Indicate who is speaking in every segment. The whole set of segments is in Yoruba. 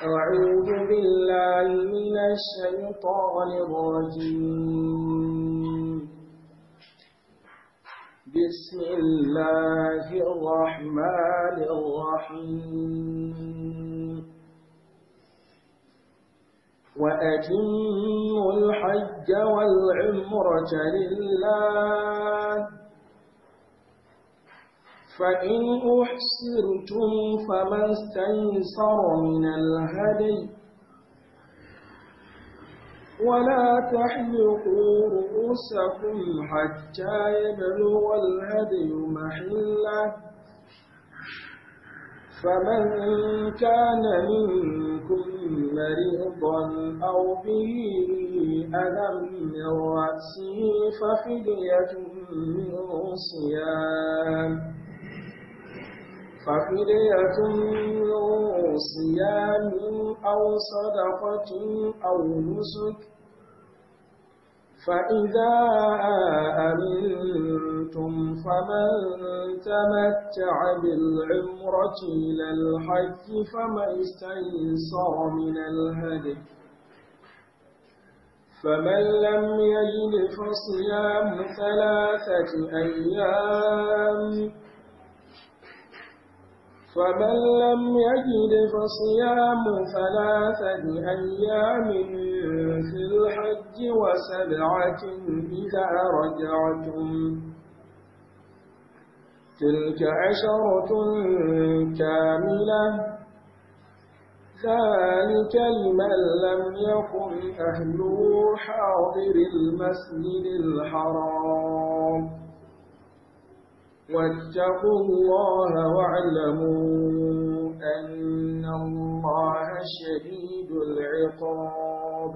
Speaker 1: أعوذ بالله من الشيطان الرجيم بسم الله الرحمن الرحيم وأتموا الحج والعمرة لله فإن أحسرتم فما استيسر من الهدي ولا تحلقوا رؤوسكم حتى يبلغ الهدي محله فمن كان منكم مريضا أو به ألم من رأسه ففدية من صيام ففدية من صيام أو صدقة أو نسك فإذا أمنتم فمن تمتع بالعمرة إلى الحج فمن استيسر من الهدي فمن لم يجد فصيام ثلاثة أيام فمن لم يجد فصيام ثلاثة أيام في الحج وسبعة إذا رجعتم تلك عشرة كاملة ذلك لمن لم يكن أهله حاضر المسجد الحرام واتقوا الله واعلموا أن الله شديد العقاب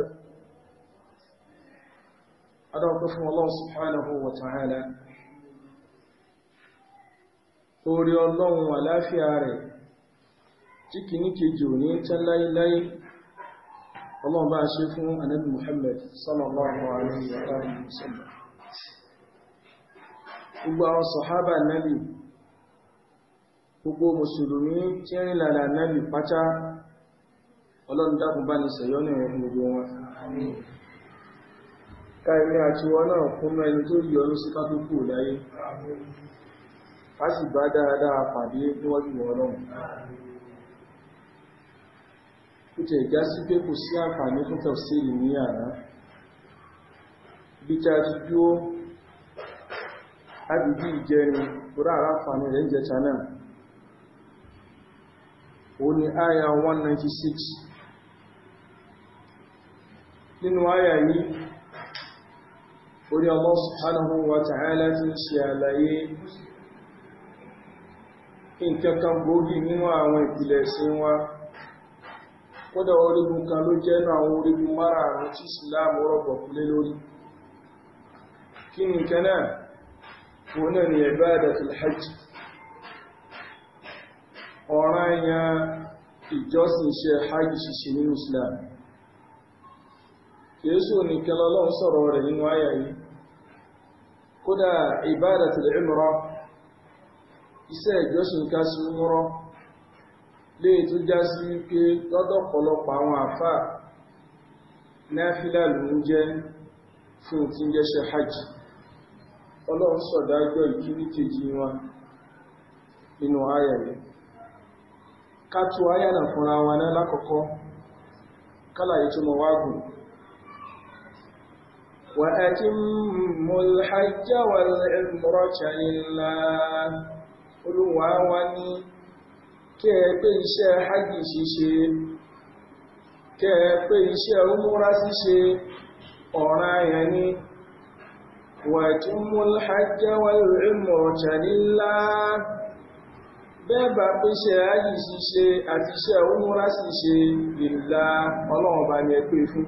Speaker 1: أدعوكم الله سبحانه وتعالى توري الله ولا في عري تكني تجوني تلاي لاي الله باشفه أنا محمد صلى الله عليه وآله وسلم gbogbo àwọn sọ̀hábà nábì gbogbo mùsùlùmí tí ń lànà nábì pátá ọlọ́run dákun bá ní sẹ̀yọ́ ní gbogbo wọn káìmí àti wọn náà kún mẹ́ni tó yọrú sí kátókù láyé a sì bá dáadáa pàdé níwájú ọlọ́run ábìdí ìjẹ ni kúrò àráfàní rẹ̀ ń jẹ ó ní àyà 196 nínú àyà yìí orí Allah subhanahu wa ta'ala ti ṣe àlàyé nǹkankan gbógi nínú àwọn ìpìlẹ̀ sí wa kódà orígun kan ló jẹ́ ní àwọn orígun márààrún tí Islam rọ̀gbọ̀kúlé lórí kí náà òun náà ni ibadatul hajj ọ̀ràn yẹn ìjọsìn ṣe hajj ṣiṣẹ́ nínú Islam yéṣù nìkan lọ́lọ́run sọ̀rọ̀ rẹ̀ nínú àyà yìí kódà ibadatul umra iṣẹ́ ìjọsìn ká sí umra lè tó já sí wípé lọ́dọ̀ pọ̀lọpọ̀ àwọn àfà náfílà ló ń jẹ́ fún tí ṣe hajj ọlọ́run sọ̀dájọ́ ìkíní kejì wọn nínú ayà yìí ká tú ayà náà fúnra wọn náà lákọ̀ọ́kọ́ kálàyé tó mọ̀ wágùn وأتموا الحج والعمرة لله Olúwa wa واتموا الْحَجَّ والعمرة لِلَّهِ bẹ́ẹ̀ bá pé iṣẹ́ ayé ṣíṣe àti iṣẹ́ òmúra ṣíṣe ìlà ọlọ́run bá ní ẹgbẹ́ fún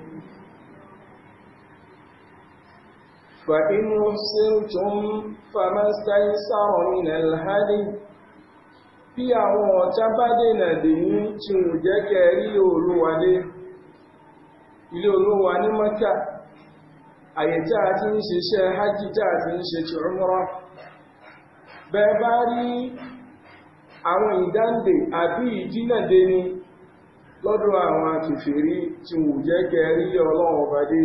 Speaker 1: fàínú síntún fàmástáyí sáwọn ilẹ̀ alhadi bí àwọn ọ̀tá bá dènà dèyí tí ò jẹ́ kẹrí olúwa ní mọ́kà àyè tí a ti ń ṣiṣẹ́ hajj tí a ti ń ṣe ti umra bẹ́ẹ̀ bá rí àwọn ìdáǹdè àbí ìdínàdé ni lọ́dọ̀ àwọn akìfèrí tí wò jẹ́ kẹrí ọlọ́run ọbadé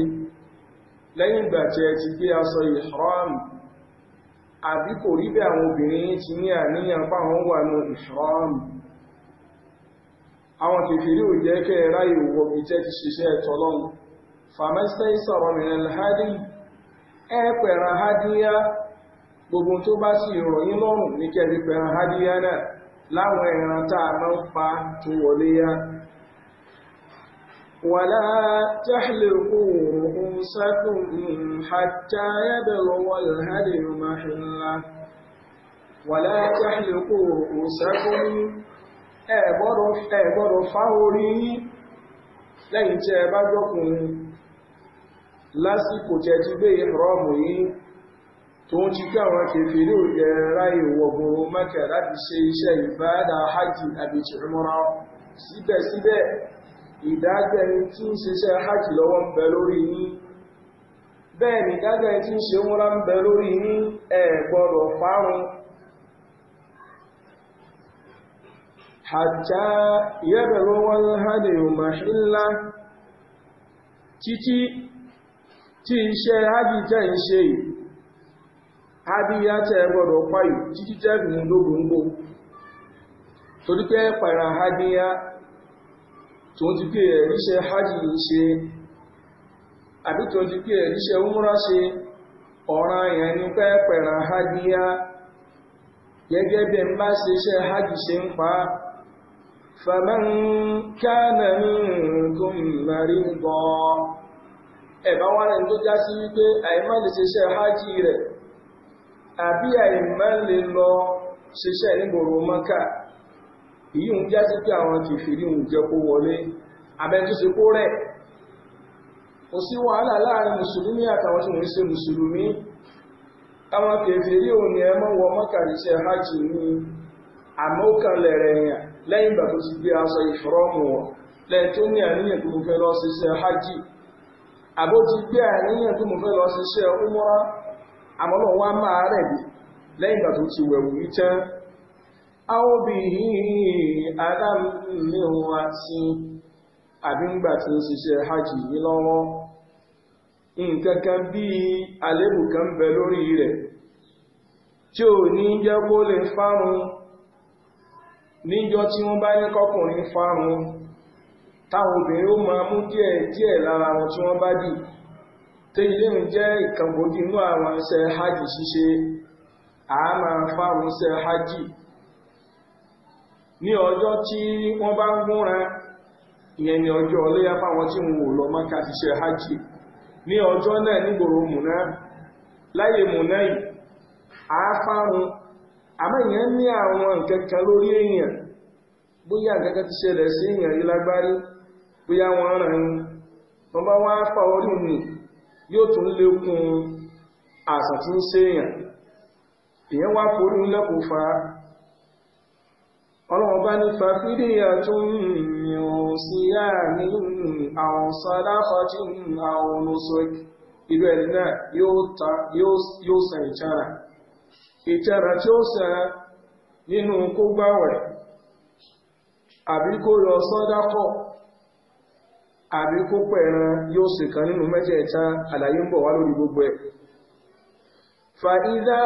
Speaker 1: lẹ́yìn ìgbà tí ẹ ti gbé aṣọ ìṣọ́ọ̀mù àbí kò rí bí àwọn obìnrin ti ní àníyàn páwọn wà ní ìṣọ́ọ̀mù àwọn akìfèrí ò jẹ́ kẹ́ ráyè wọ bí jẹ́ ti ṣiṣẹ́ ẹ̀tọ́lọ́run fàmẹ́sẹ̀ ìsọ̀rọ̀ ẹ pẹ̀ràn gbogbo tó bá sì rọ̀ lọ́rùn ní kẹ́ẹ̀rí pẹ̀ràn náà láwọn ẹran tá a máa ń pa tó wọlé yá. wàlá tahliqu ru'usakum hatta yablugha al orí yín lẹ́yìn tí ẹ bá lásìkò tẹ́tí gbé ìrọ́mù yìí tó ń ti káwọn kèfèrè òjẹ̀ ráyè wọ̀gbùn Mẹ́kà láti ṣe iṣẹ́ ìbáadà hajj àbìtì umra síbẹ̀síbẹ̀ ìdágbẹ̀ni tí ń ṣiṣẹ́ hajj lọ́wọ́ ń bẹ lórí yín bẹ́ẹ̀ ni ìdágbẹ̀ni tí ń ṣe umra ń bẹ lórí yín ẹ gbọ́dọ̀ parun hatta wọn hádẹ̀ yóò máa ṣílá títí tí iṣẹ́ hájì jẹ́ ń ṣe yìí hábíyá tẹ́ gbọ́dọ̀ pààyò títí tẹ́ fi mú lógóńgó torí pé pàrà ya tó ń ti pé ẹ̀ríṣẹ́ hájì ṣe àbí tó ń ti pé ẹ̀ríṣẹ́ umra ṣe ọ̀ràn yẹn ni pé pàrà gẹ́gẹ́ bí bá ṣe ṣe ń ẹ̀bá wọn rẹ̀ tó já sí wípé àìmọ́ lè ṣiṣẹ́ hajj rẹ̀ àbí àìmọ́ lè lọ ṣiṣẹ́ nígboro mọ́kà èyí ń já sí pé àwọn kìfìrí ń jẹ́ kó wọlé abẹ́túnṣe kó rẹ̀ kò sí wàhálà láàrin mùsùlùmí àtàwọn tí wọ́n ṣe mùsùlùmí àwọn kìfìrí ò ní ẹmọ́ wọ mọ́kà ṣiṣẹ́ hajj ní àmọ́ ó kan lẹ́yìn ìgbà tó ti gbé aṣọ ìfọ́rọ́mù wọn lẹ́yìn tó ní àníyàn tó fẹ́ lọ ṣiṣẹ́ hajj àbó ti gbé àníyàn tó mo fẹ́ lọ ṣiṣẹ́ umura àmọ́ náà wá máa rẹ bi lẹ́yìn ìgbà tó ti wẹ̀wù yí tán áwọ́ bí i adámìíràn àti àbíngbà tí ń ṣiṣẹ́ hajj yìí lọ́wọ́ nǹkan kan bí àlébù kan bẹ lórí rẹ tí ò ní jẹ́ kó lè fárun níjọ́ tí bá ní kọkùnrin táwọn obìnrin ó máa mú díẹ̀ díẹ̀ lára wọn tí wọ́n bá dì tẹ́yìn lẹ́yìn jẹ́ ìkàngbòdì inú àwọn iṣẹ́ hajj ṣíṣe àmà fáwọn iṣẹ́ hajj ní ọjọ́ tí wọ́n bá ń gúnra ìyẹn ni ọjọ́ ọlẹ́yà fáwọn tí wọn ò lọ Mákà hajj ní ọjọ́ náà nígboro múná láyé múná yìí àmọ́ ìyẹn ní àwọn nǹkan kan lórí èèyàn bóyá nǹkan kan ti ṣẹlẹ̀ sí èèyàn yìí lágbárí bóyá wọ́n wọn yín bá wá pa orí mi yóò tún lékún àṣà tí ń ṣèyàn èèyàn wá forí ńlẹ̀ fa ọlọ́run bá ní fàfídì àtúnyìn òsíyá ní àwọn sàdáfàtì àwọn olóṣòkè irú ẹni náà yóò san sa ìtara tí ó san nínú kó gbáwẹ̀ àbí kó lọ àbí kó ẹran yóò sì kan nínú mẹ́tẹ̀ẹ̀ta àlàyé ń bọ̀ wá lórí gbogbo ẹ̀. فإذا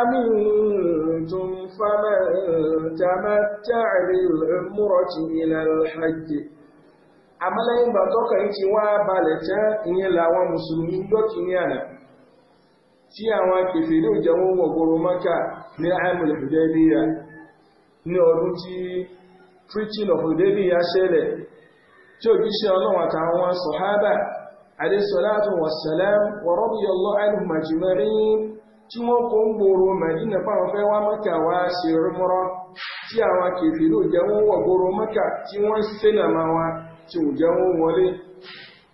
Speaker 1: أمنتم فمن تمتع بالعمرة إلى الحج àmọ́ lẹ́yìn ìgbà tọ́kàn yìí ti wá balẹ̀ tán ìyẹn làwọn mùsùlùmí gbọ́kì ní àná tí àwọn kèfèrí tí òjíṣẹ́ ọlọ́run àtàwọn sọ̀hábà àdésọ́látò wọ̀sẹ̀lẹ́m wọ̀rọ̀bíyọlọ́ alùmọ̀jùmọ̀rin tí wọ́n kó ń gbòòrò mẹ̀dínà fáwọn fẹ́ wá mọ́kà wá sí rúmọ́rọ́ tí àwọn kèfèrè jẹ́ wọ́n wọ̀ gbòòrò mọ́kà tí wọ́n sẹ́nà máa wá tí ò jẹ́ wọ́n wọlé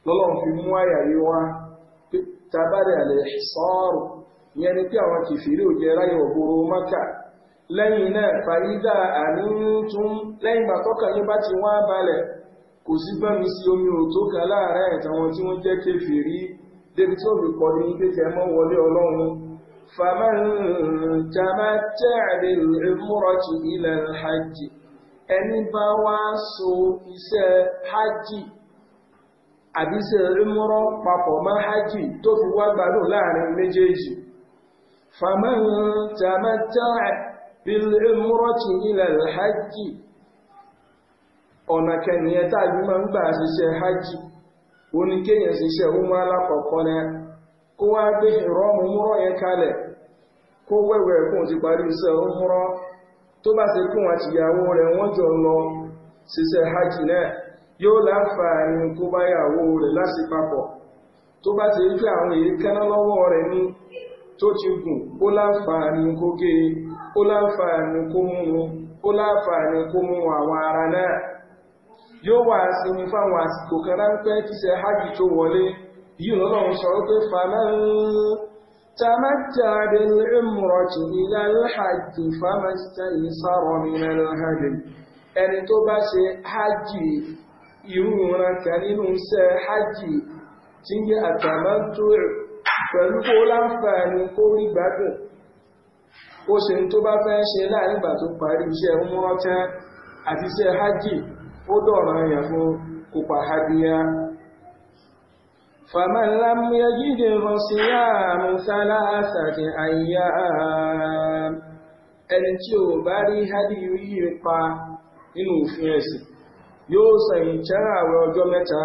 Speaker 1: lọ́lọ́run fi mú àyà yí wá tabari alẹ́ sọ́ọ̀rù ìyẹn ni pé àwọn kèfèrè ò ráyè wọ̀ gbòòrò mọ́kà lẹ́yìn náà fàyídà àníntún lẹ́yìn bàtọ́kà yín bá ti wá balẹ̀ kò sí gbẹ́mi sí omi ò tó ga láàárẹ̀ ìtàwọn tí wọ́n jẹ́ kèfèrí débi tí òbí kọ́ ní kékeré mọ́ wọlé ọlọ́run فمن تمتع بالعمرة إلى الحج ẹni bá wá so iṣẹ́ hajj àbí iṣẹ́ rímúrọ́ papọ̀ mọ́ hajj tó fi wá gbádùn láàrin méjèèjì فمن تمتع بالعمرة إلى الحج ọ̀nà taa táàbí máa ń gbà ṣiṣẹ́ hajj ó ṣiṣẹ́ ọmọ alákọ̀ọ́kọ́ náà kó wá gbé ìrọ́mù múrọ̀ yẹn kalẹ̀ kó wẹ̀wẹ̀ kóun ti parí iṣẹ́ ọmọrọ̀ tó bá ṣe kóun àtìyàwó rẹ̀ wọ́n jọ lọ ṣiṣẹ́ hajj náà yóò láǹfààní kó bá yàwó rẹ̀ láti papọ̀ tó bá ti rí àwọn èyí lọ́wọ́ rẹ̀ ní tó ti gùn láǹfààní kó gé e láǹfààní kó mú láǹfààní kó mú àwọn ara náà yóò wà sinmi fáwọn àsìkò kan ráńpẹ́ tíṣẹ́ hajj tó wọlé yìí lọ́lọ́run sọ pé faman tamatta bil umrati ila al hajj famastaysara min al hadi ẹni tó bá ṣe hajj irú kan nínú hajj tí ń pẹ̀lú kó láǹfààní kó rí gbádùn ó ṣe ní tó bá fẹ́ ṣe láàrin ìgbà tó parí iṣẹ́ àti ó dọ̀rọ̀ yẹn fún kópa rọ فمن لم يجد فصيام ثلاثة أيام ẹni tí ò bá rí hadiyu yìí pa nínú òfin ẹ̀sìn yóò sẹ̀yìn tẹ́rà àwẹ̀ ọjọ́ mẹ́ta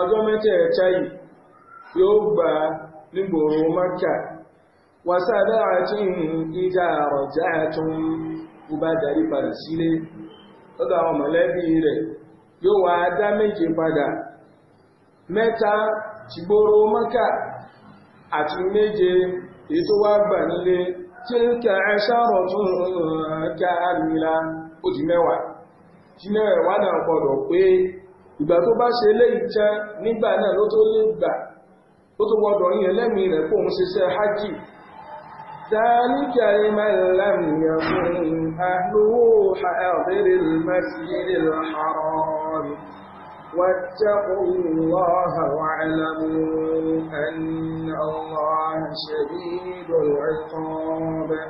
Speaker 1: ọjọ́ mẹ́ta yóò gbà nígboro mọ́kà wàsá àti ìjà darí padà sílé lọ́dọ̀ àwọn mọ̀lẹ́bí rẹ̀ yóò wá dá méje padà mẹ́ta tìgboro mọ́kà àti méje èyí tó wá gbà nílé tí ń kẹ ẹṣọ́rọ̀ tó ká àmìlá ó mẹ́wàá tí mẹ́wàá náà gbọ́dọ̀ pé ìgbà tó bá ṣe léyìí nígbà náà ló tó lè gbà ó tó gbọ́dọ̀ rẹ̀ ṣiṣẹ́ hajj أهله حاضر المسجد الحرام واتقوا الله واعلموا أن الله شديد العقاب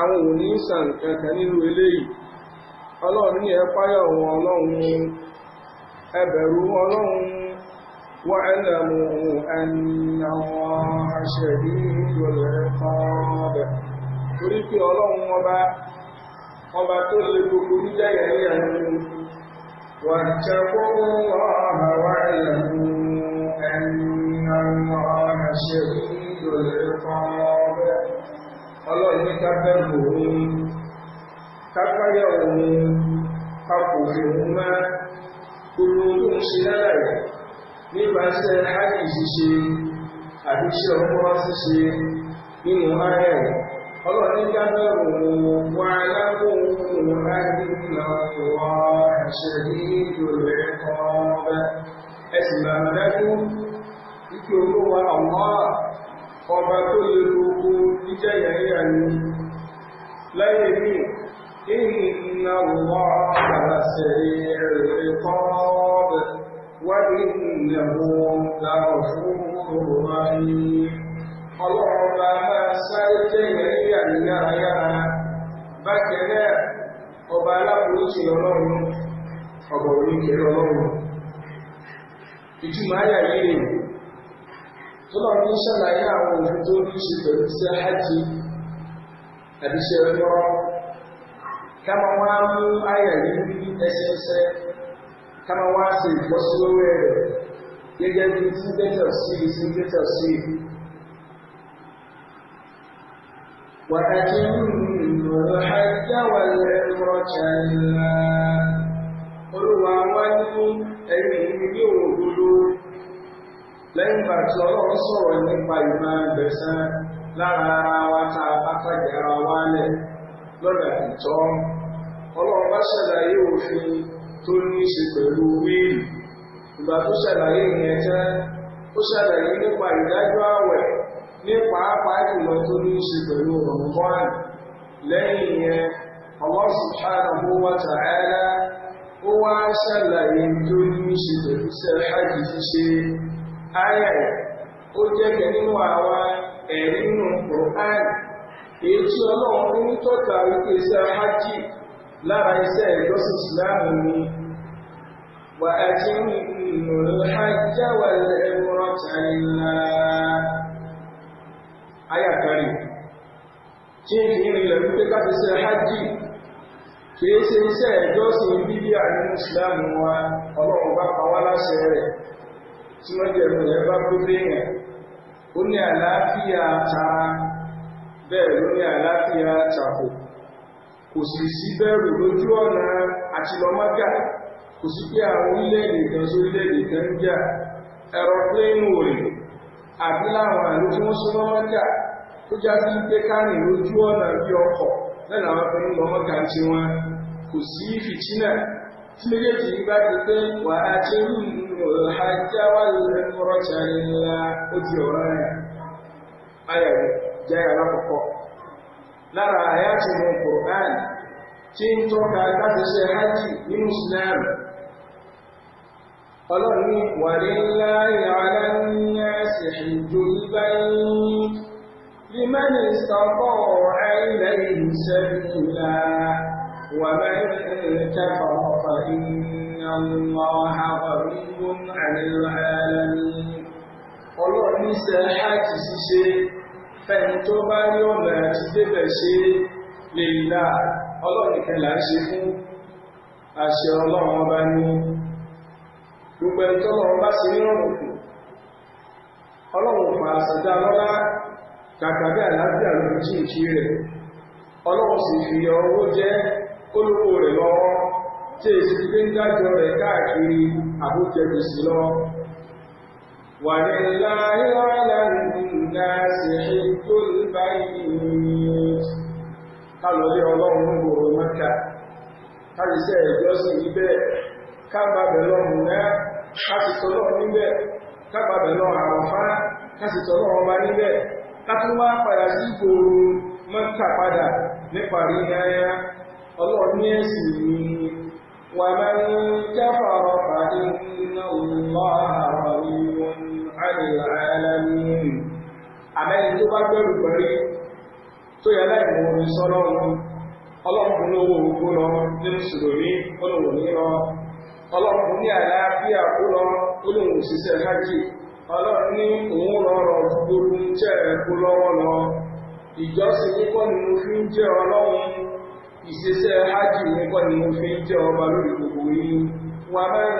Speaker 1: àwọn sàn kankan nínú eléyìí ní ẹ ẹbẹ̀rù ọlọ́run wà ẹlẹ́mù ẹni àwọn aṣẹ̀rí ìjọlẹ̀ ọ̀bẹ̀ torí pé ọlọ́run ọba ọba tó lè gbogbo níjẹ̀yẹ̀ ẹ̀yẹ̀ wà jẹ́kọ́ wà ẹlẹ́mù ẹni àwọn aṣẹ̀rí ìjọlẹ̀ ọ̀bẹ̀ ọlọ́run ní kábẹ́rù òun kápáyà òun kápò òun máa olóògùn ṣe lára rẹ̀ nípasẹ̀ hajj ṣíṣe àbí iṣẹ́ ọmọ ṣíṣe nínú ara rẹ̀ ọlọ́run ní dábẹ́rù wà lábòhùn àdínà ìwà àṣẹ̀dí ìjòlò ẹ̀kọ́ ọ̀bẹ ẹ̀sìn bàbá dájú wípé olówó àwọn ọba tó lè lo jíjẹ́ yàrá ni láyé míì إن الله سريع العقاب وإنه لغفور رحيم ọlọ́run bá máa sáré jẹ́ ìrẹ́lẹ́ àníyàráyára bákẹ́ náà ọba aláforíṣi ọlọ́run ọ̀bọ̀ oníkẹ̀ẹ́ ọlọ́run ìtumọ̀ ayà yìí tó lọ ní ṣàlàyé àwọn òfin tó ní ṣe pẹ̀lú iṣẹ́ hajj àti iṣẹ́ ọlọ́run kama wá mú àyà yìí ní ẹsẹsẹ kama wá ṣe ìfọ́síwẹ́wẹ́ rẹ̀ gẹ́gẹ́ bí sígbẹ́tọ̀ sí sígbẹ́tọ̀ sí. وأتم الحج والعمرة لله Olúwa wá ní ẹ̀yìn ní òdodo lẹ́yìn ìgbà tí Ọlọ́run nípa ìmọ̀ ẹgbẹ̀sán lára ọlọ́run bá ṣàlàyé òfin tó ní ṣe pẹ̀lú wíìlì ìgbà tó ṣàlàyé ìyẹn tẹ́ ó ṣàlàyé nípa ìdájọ́ àwẹ̀ ní pàápàá jùlọ tó ní ṣe pẹ̀lú rọ̀mùbọ́ọ̀nù lẹ́yìn ìyẹn Allah subhanahu wa ta'ala ó wá ṣàlàyé tó ní ṣe pẹ̀lú ó jẹ́ nínú àwa ẹ̀rí nù èyí tí ọlọ́run lára iṣẹ́ ìjọsìn ìsìláàmù ni wà á ti ń lò hajjá wà lẹ́mọ́rọ̀ tàìlá ayàkárí tí ń fi rìnlẹ̀ wípé káfí sí hajji kìí ṣe iṣẹ́ ìjọsìn bíbí àrínú ìsìláàmù wa ọlọ́run bá kò sí bẹ̀rù lójú ọ̀nà àtìlọ́mọ́gà kò sí pé àwọn orílẹ̀-èdè kan sórílẹ̀-èdè kan ń jà ẹ̀rọ̀pléènù rẹ̀ àbí láwọn àlú tí wọ́n súnmọ́ tó já sí pé kárìn lójú ọ̀nà bí ọkọ̀ kò sí fìtínà tí méjèèjì bá ti pé wà á ti rú ọ̀rọ̀ lára àyàtì mọ̀ Qur'an tí ń tọ́ka láti ṣe hajj ní Islam ọlọ́run ní wà ní láàrin ara ní ẹ̀sẹ̀ ìjò ìbáyín لمن استطاع إليه سبيلا ومن كفر فإن الله غني عن العالمين ọlọ́run ní sẹ́ẹ̀ hajj ṣiṣẹ́ fẹ́ni tó bá rí ọ̀nà àti débẹ̀ ṣe lè dá ọlọ́nìkan là ń ṣe fún àṣẹ ọlọ́run ọba ní gbogbo ẹni tó lọ́wọ́ bá ṣe nírọ̀rùn kù ọlọ́run pa àṣàdá lọ́lá kàkà bí àlàáfíà ló ń jí ìkí rẹ̀ ọlọ́run sì fi owó jẹ́ olówó rẹ̀ lọ́wọ́ tí èsì gbé ń dájọ́ rẹ̀ káàkiri àbójẹ̀dùsí lọ́wọ́. si byenaahịa aha ụugaziitụlba yị kaiụrụ kazejozi be kao e k kaioaie kaaụmacapaa ya waatafralọa عن العالمين àmẹ́ni tó bá gbẹ́rù pẹ̀lú tó yẹ láìmọ̀ orin sọ́lọ́run ọlọ́run ní owó ogun lọ ní mùsùlùmí olóhùn ní lọ ọlọ́run ní àlàáfíà kó lọ olóhùn òṣìṣẹ́ hajj ọlọ́run ní òun rọrọ̀ gbogbo jẹ́ kó lọ́wọ́ lọ ìjọsìn nípọ̀ ni mo fi ń jẹ́ ọlọ́run ìṣiṣẹ́ hajj nípọ̀ ni mo fi ń jẹ́ ọba lórí gbogbo yìí ومن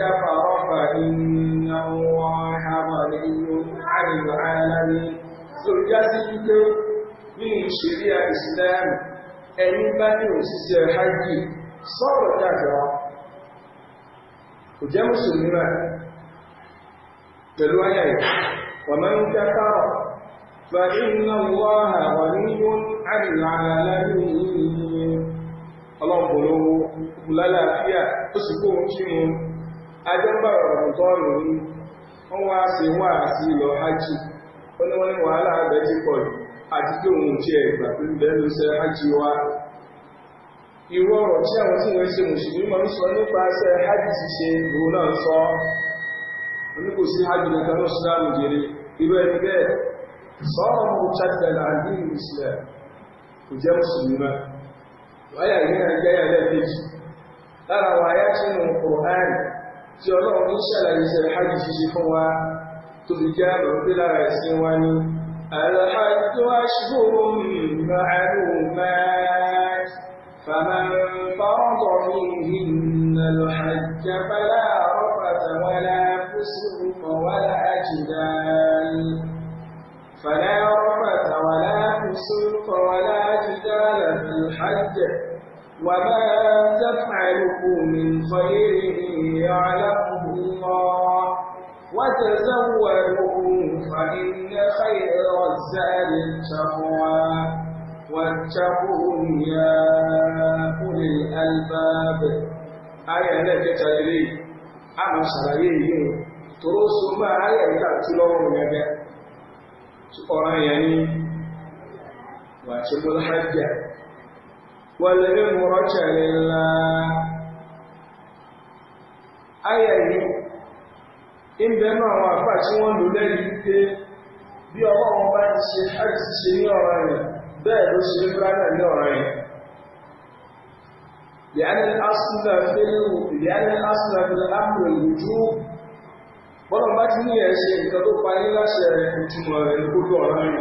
Speaker 1: كفر فإن الله غني عن العالمين sòlùjásí wípé ní ìṣẹ̀ríà islam ẹni bá ní òṣìṣẹ́ hajj sọ́rọ̀ dájọ́ kò jẹ́ mùsùlùmí rẹ̀ pẹ̀lú ayà yìí wà máa ń dákàrọ̀ fa iná wọ́n àwọn oníyún àrìnrìn àlàlẹ́ ọlọ́pọ̀lówó lálàáfíà ó sì kó oún kí wọn ajọ́bàrọ̀ ọ̀tọ́ọ̀nù ní wọ́n wá sí wá sí lọ hajj ọ̀rọ̀ tí àwọn tí wọ́n ṣe mùsùlùmí ń sọ nípa ṣe náà sọ oníkò sí ṣe irú ẹni bẹ́ẹ̀ mú kò jẹ́ mùsùlùmí náà wáyà yìí náà jẹ́ yàrá kejì lára àwọn àyà tí nù Qur'an tí ọlọ́run ní ṣàlàyé ṣe hajj ṣíṣe fún wa tó fi jẹ́ àbọ̀ pé lára ẹ̀sìn wa ni alhajj ashhurun ma'lumat faman farada minhinna alhajj fala rafata wala fusuqa wala jidal fala rafata wala fusuqa wala الحج وما تفعله من خير يعلمه الله وتزودوا فإن خير الزاد التقوى واتقون يا أولي الألباب آية لك تجري أما شرعيه تروس ما آية تأتلون نبأ سؤال يعني واجب الحجة والعبرة لله ayẹ̀ yìí ń bẹ náà àwọn àfà tí wọ́n lò lẹ́yìn pé bí ọlọ́run bá ti ṣe hajj ṣe ní ọ̀rọ̀ rẹ̀ bẹ́ẹ̀ ló ṣe fúlánà ní ọ̀rọ̀ rẹ̀ yàní asúlẹ̀ fẹ́lú yàní asúlẹ̀ fẹ́lú ápùlẹ̀ lójú bọ́lọ̀ bá ti ní ẹ̀ ṣe nǹkan tó parí láṣẹ rẹ̀ ojúmọ̀ rẹ̀ lójú ọ̀rọ̀ rẹ̀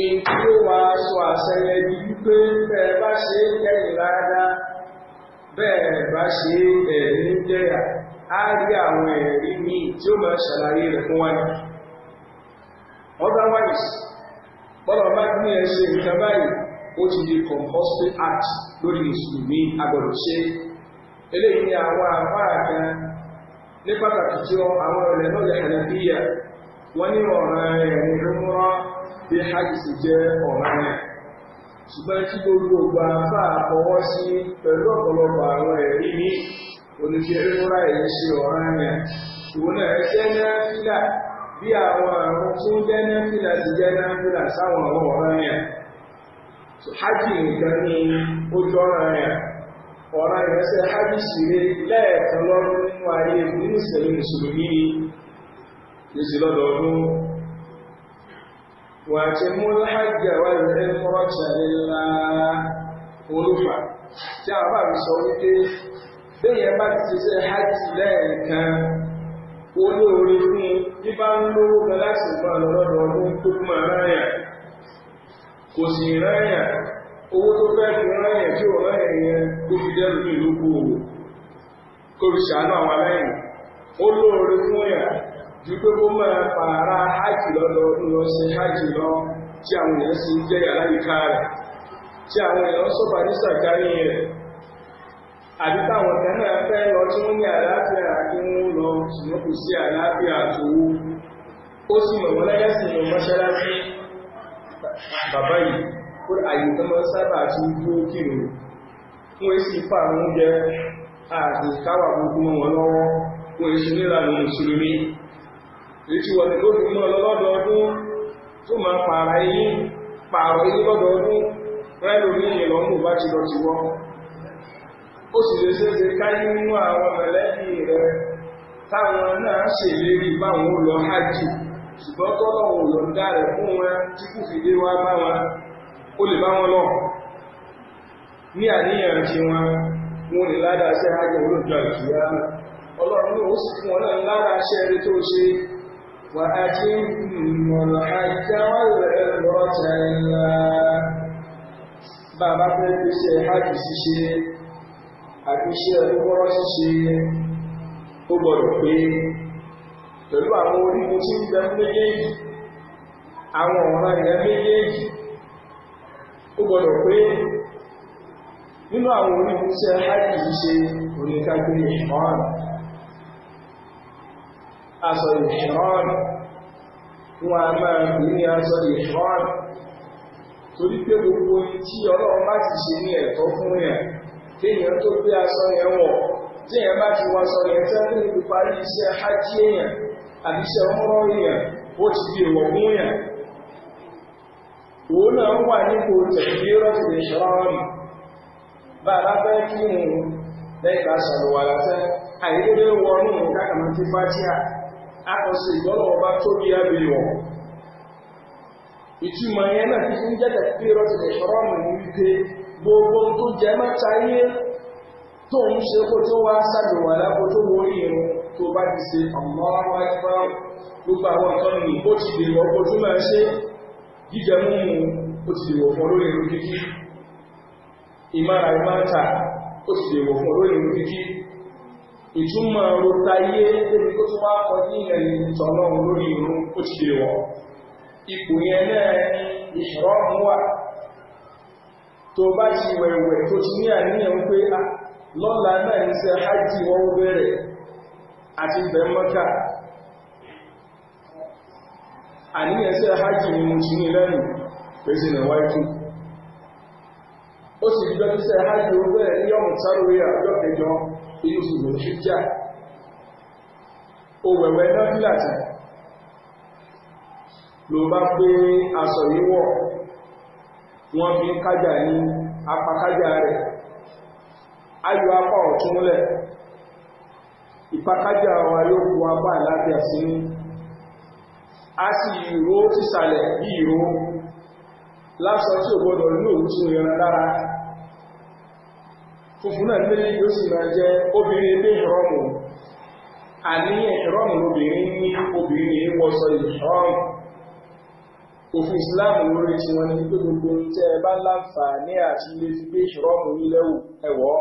Speaker 1: èyí tí ó máa sọ àṣẹ yẹn di wípé bẹ́ẹ̀ bá ṣe é kẹ́yìn ládàá bẹ́ẹ̀ bá ṣe é ẹ̀rí ń jẹ́yà á rí àwọn ẹ̀rí míì tí ó máa ṣàlàyé rẹ̀ fún wa ní. otherwise bọ́lá bá ní ẹsẹ̀ nǹkan báyìí ó ti di compulsory act lórí mùsùlùmí agbọ̀dọ̀ ṣe eléyìí ni àwọn àfáà ní pàtàkì tí àwọn ọ̀rẹ́ náà lè hànà bíyà wọ́n ní ọ̀ràn ẹ̀rí rúmúrán bí hajj sì jẹ́ ọ̀ràn rẹ̀ ṣùgbọ́n tí gbogbo ògbà fà fọwọ́ sí pẹ̀lú ọ̀pọ̀lọpọ̀ àwọn ẹ̀rí mi oníṣẹ́ rírúra èyí ṣe ọ̀ràn rẹ̀ ṣùgbọ́n náà ẹ̀ṣẹ́ náà fílà bí àwọn àrùn tí ó jẹ́ náà fílà jẹ́ náà sáwọn àwọn ọ̀ràn rẹ̀ hajj nìkan ni ó jọ ọ̀ràn rẹ̀ ọ̀ràn rẹ̀ ṣe hajj sì lẹ́ẹ̀kan lọ́dún nínú ayé nínú ìṣẹ̀lẹ̀ mùsùlùmí ni èsì lọ́dọọdún واتموا الحج والعمرة لله olùfà tí a bá mi sọ wípé béèyàn bá ti ṣiṣẹ́ hajj lẹ́ẹ̀kan olóore fún bí bá ń lówó gan láti máa lọ lọ́dọ̀ ọdún tó máa ráyà kò sì ráyà owó tó fẹ́ fi ráyà tí ò ráyà yẹn kó fi dẹ́nu ìlú kú òwò kó fi ṣàánú àwọn aláìní olóore fún yàrá ju pé kó máa pààrà hajj lọ́dọọdún lọ ṣe hajj lọ tí àwọn èèyàn sì ń jẹ́ àláyíká rẹ̀ tí àwọn èèyàn sọ̀fà ní sàkárí rẹ̀ àbí táwọn kan náà fẹ́ lọ tí wọ́n ní àlàáfíà kí wọ́n lọ ṣùgbọ́n kò sí àlàáfíà tòwó ó sì mọ̀ wọ́n lẹ́yìn sí ìwọ̀n mọ́ṣáláṣí bàbá yìí kó àyè tó máa ń sábà tí ó dúró kìrò fún èsì ìfà oúnjẹ àti káwà gbogbo wọn lọ́wọ́ fún èsì nílànà mùsùlùmí èyí wọ̀ ní gbogbo mọ́ lọ́dọọdún tó máa pààrà eyín pààrọ̀ eyín lọ́dọọdún rẹ́lò ní ìlọ́mù bá ti lọ ti wọ́ ó sì lè ṣe ṣe káyé nínú àwọn mẹ̀lẹ́bí rẹ̀ táwọn náà ṣèlérí báwọn ó lọ hajj ṣùgbọ́n tọ́lọ́wọ̀ yọ̀ǹda rẹ̀ fún wọn tí kò fìdí wá bá wọn ó lè bá wọn lọ ní àníyàn tí wọn wọn lè ládàá ṣe hajj olóòjọ ìkìyà ọlọ́run ó sì fún wọn náà ládàá ṣe eré tó ṣe وأتموا الحج والعمرة لله bàbá fẹ́ fi ṣe hajj ṣíṣe àti iṣẹ́ ọgbọ́rọ́ ṣíṣe ó gbọ́dọ̀ pé pẹ̀lú àwọn orígun tí ń bẹ méjèèjì àwọn ọ̀ràn ìyẹn méjèèjì ó gbọ́dọ̀ pé nínú àwọn orígun tí hajj ṣíṣe oníkágbé ìmọ̀ràn aṣọ ìṣọ́rọ̀ wọn a máa pè ní aṣọ ìṣọ́rọ̀ torí pé gbogbo tí ọlọ́run bá ti ṣe ní ẹ̀tọ́ fún yẹn kéèyàn tó gbé aṣọ yẹn wọ̀ tí èèyàn bá ti wọ yẹn tẹ́ ní ibi parí iṣẹ́ hajj èèyàn àbí iṣẹ́ ọmọ èèyàn ó ti di èèwọ̀ fún yẹn òun náà wà nípò tẹ̀lé rọ́tì ìṣọ́rọ̀ bá a bá fẹ́ kí n lẹ́yìn bá ṣàlùwà látẹ́ àìlédè wọnú ìdákàmọ́ tí fájíà akọ̀sí ìgbọ́nà ọba tó bí abèrè wọn. ìtumọ̀ yẹn náà ti ń jẹ́jẹ̀ pé rọ́tìlẹ̀ ṣọ́rọ́ mi ní wípé gbogbo tó jẹ́ mẹ́ta yé tó ń ṣe kó tó wá sábẹ̀wò aláko tó wọ ìrìn tó bá ti ṣe ọ̀mọ́ wá ipá gbogbo àwọn nǹkan nì ó ti dèrò ọkọ̀ tó máa ṣe jíjẹ múmu ó ti dèrò fún olóyè rú kíkí ìmára ìmáta ó ti dèrò fún olóyè rú kíkí ìtumọ̀ rotayé débi tó tún wá kọ ní ẹ̀yìn tọ̀nà lórí irun ó ti lè wọ̀ ipò yẹn náà ni ìṣọ́rùn wà tó bá ti wẹ̀wẹ̀ tó ti ní àníyàn pé lọ́la náà ní sẹ́ hajj wọ́n bẹ̀rẹ̀ àti àníyàn ni mo ti ní lẹ́nu pèsè níwájú ó sì ó bẹ̀rẹ̀ ní sáré ilé oṣù ìgbẹ̀rẹ̀ ṣe jà ó wẹ̀wẹ̀ náà nílàtí ló bá gbé aṣọ yíwọ̀ wọ́n fi kájà ní apakájà rẹ̀ ayò apá ọ̀túnlẹ̀ ìpakájà wa yóò kú apá àlàáfíà sí a sì ìró sísàlẹ̀ bí ìró lásọ tí ò gbọdọ̀ ní òun tún yẹn lára funfun náà lé yóò sì máa jẹ́ obìnrin ilé ìrọ́mù àní ìrọ́mù lóbìnrin ní obìnrin ní wọ́sọ ìrọ́mù òfin islam lórí tí wọ́n ní pé gbogbo tẹ́ bá láǹfààní àti ilé fi gbé ìrọ́mù nílẹ̀wò ẹ̀wọ́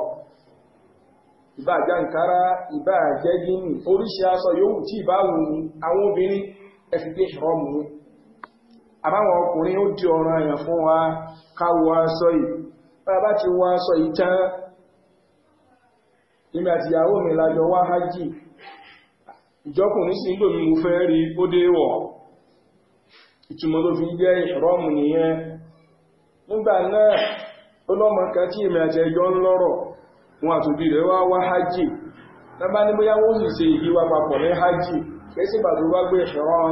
Speaker 1: ìbá àjáǹkárá ìbá àjẹ́gínì oríṣi aṣọ yòówù tí ìbá wù àwọn obìnrin ẹ̀fì gbé ìrọ́mù àbáwọn ọkùnrin ó di ọ̀ràn àyàn fún wa ká aṣọ yìí bá a bá ti wọ aṣọ yìí tán èmi àti ìyàwó mi la jọ wá hajj ìjọkùnrin sí ìlò mi mo fẹ́ rí ó dé wọ̀ ìtumọ̀ tó fi jẹ́ ìrọ́mù nìyẹn nígbà náà ọlọ́mọka tí èmi àti ẹjọ́ ń lọ́rọ̀ wọn àtòbí rẹ̀ wá wá hajj lábá ní bóyá wọ́n sì ṣe ìyí wa papọ̀ ní hajj kẹsí ìgbà tó bá gbé ìrọ́mù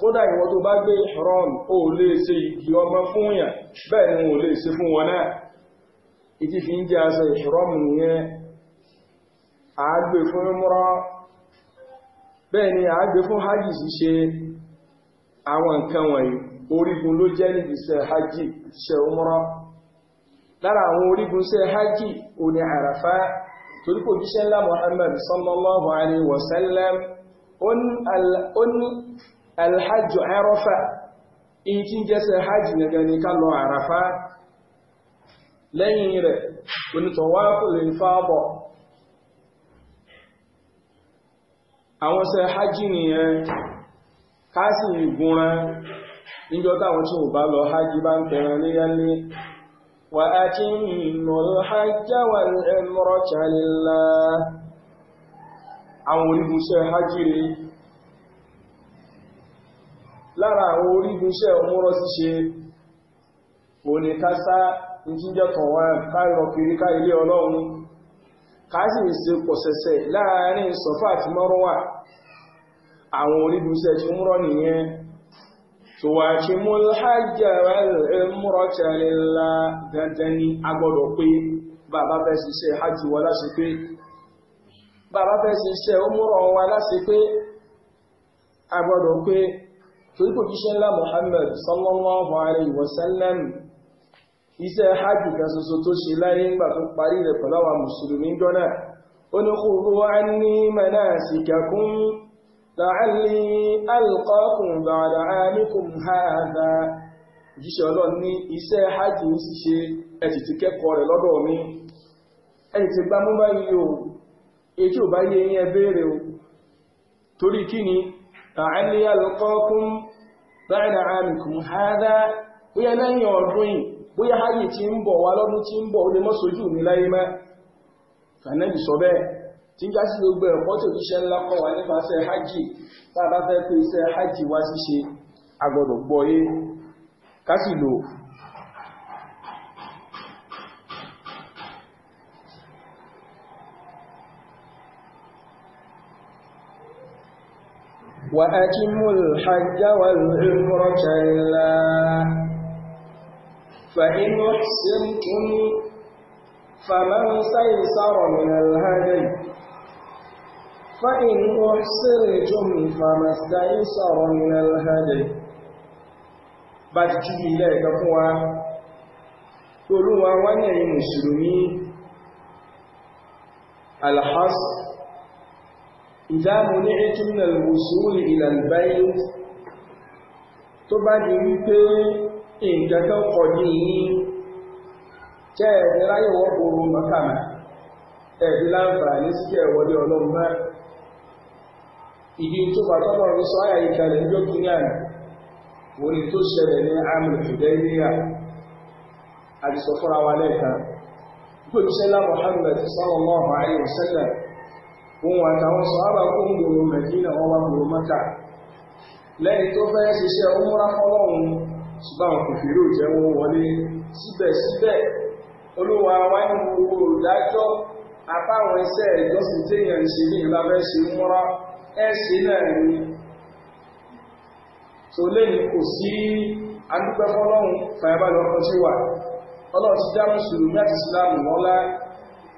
Speaker 1: kódà ìwọ tó bá gbé ìrọ́mù ó lè ṣe ìdí ọmọ fún yàn bẹ́ẹ̀ ni wọn ò ìtí fi ń jẹ́ aṣọ ìṣòrọ́mù nìyẹn àágbé fún múrọ́ bẹ́ẹ̀ ni àágbé fún hajj ṣíṣe àwọn nǹkan wọ̀nyí orígun ló jẹ́ níbi iṣẹ́ hajj ṣe múrọ́ lára àwọn orígun ṣe hajj ò ní àràfá torí kò jíṣẹ́ ńlá Muhammad sallallahu alaihi wasallam ó ní alhajj arafa in ti jẹ́ ṣe hajj nìkan ní ká lọ àràfá lẹ́yìn rẹ̀ onítọ̀wá kò lè fa bọ̀ àwọn ṣe hajji nìyẹn káàsì ìgúnran níjọ́ táwọn tí ò bá lọ hajji bá ń tẹ̀rẹ̀ léyánlé wà á tí ń hajjá wà ẹmọ́rọ̀ chàlélá àwọn ṣe hajji rí lára àwọn orígun ṣe ọmọ́rọ̀ ṣiṣẹ́ òní kásá ìjíjẹ́ tọ̀wọ́ káìrọ̀ kiri ká ilé ọlọ́run káàsì ìṣe pọ̀sẹ̀sẹ̀ láàárín sọ̀fà àti mọ́rọ́wà àwọn orídùúsẹ̀ tí ń rọ́ nìyẹn tó wà kí mú lájà mọ́rọ̀ tẹ̀lélá dandan ní agbọ́dọ̀ pé bàbá fẹ́ ṣiṣẹ́ hajj wa láṣẹ pé bàbá fẹ́ ṣiṣẹ́ umrọ̀ wa láṣẹ pé agbọ́dọ̀ pé torí kò jíṣẹ́ ńlá Muhammad sallallahu alaihi wasallam iṣẹ́ hajj kan ṣoṣo tó ṣe láyé ńgbà tó parí rẹ̀ pẹ̀lú àwọn mùsùlùmí jọ́nà ó ní khudhu anni manasikakum la'alli alqakum ba'da 'amikum hadha jíṣẹ́ ọlọ́run ní iṣẹ́ hajj ń ṣiṣe ẹ̀sì ti kẹ́kọ̀ọ́ rẹ̀ lọ́dọ̀ mi ẹ̀sì ti gbámú báyìí o èjì bá yé yín ẹ béèrè o torí kí ni la'alli alqakum ba'da 'amikum hadha ó lẹ́yìn ọdún yìí bóyá háyè tí ń bọ̀ wá lọ́dún tí ń bọ̀ ó lè mọ́ sojú mi láyé mẹ́ fẹ̀nẹ́bì sọ bẹ́ẹ̀ tí ń já sí gbogbo ẹ̀kọ́ tó fi ṣe ńlá kọ́ wa nípasẹ̀ hajj tá a bá fẹ́ pé iṣẹ́ hajj wá ṣíṣe a gbọ́dọ̀ gbọ́ yé ká sì lò وأتموا الحج والعمرة لله فإن أحسنتم فمن سيسر من الهدي فإن أحسنتم فما استيسر من الهدي بعد جبي إليك قوة قلوا وانا المسلمين الحصر إذا منعت من الوصول إلى البيت تبدو nǹkan tó kọ̀ ní yín jẹ́ ẹ̀dẹ́ láyé wọ́n gbòòrò mọ́kàmá ẹ̀dí láǹfààní sí kẹ́ ẹ̀wọ́lé ọlọ́run bá ìdí tó bá tọ́lọ̀ ní sọ àyà ìkàlẹ̀ ní òkú náà wọ́n ni tó ṣẹlẹ̀ ní àmì ìdẹ́yìíyà àdìsọ lẹ́yìn tó fẹ́ ṣiṣẹ́ ó múra ṣùgbọ́n àwọn kòfèrè ò jẹ́ wọ́n wọlé síbẹ̀síbẹ̀ olúwa wá ní gbogbo ìdájọ́ àbáwọn iṣẹ́ ìjọsìn téèyàn ṣe ní ìlàbẹ́ ṣe ń mọ́ra ẹ̀ṣẹ̀ náà ni tó lẹ́yìn kò sí adúpẹ́ fọlọ́run fàyàbàlẹ̀ ọkọ̀ tí wà ọlọ́run ti dá mùsùlùmí àti ìsìlámù lọ́lá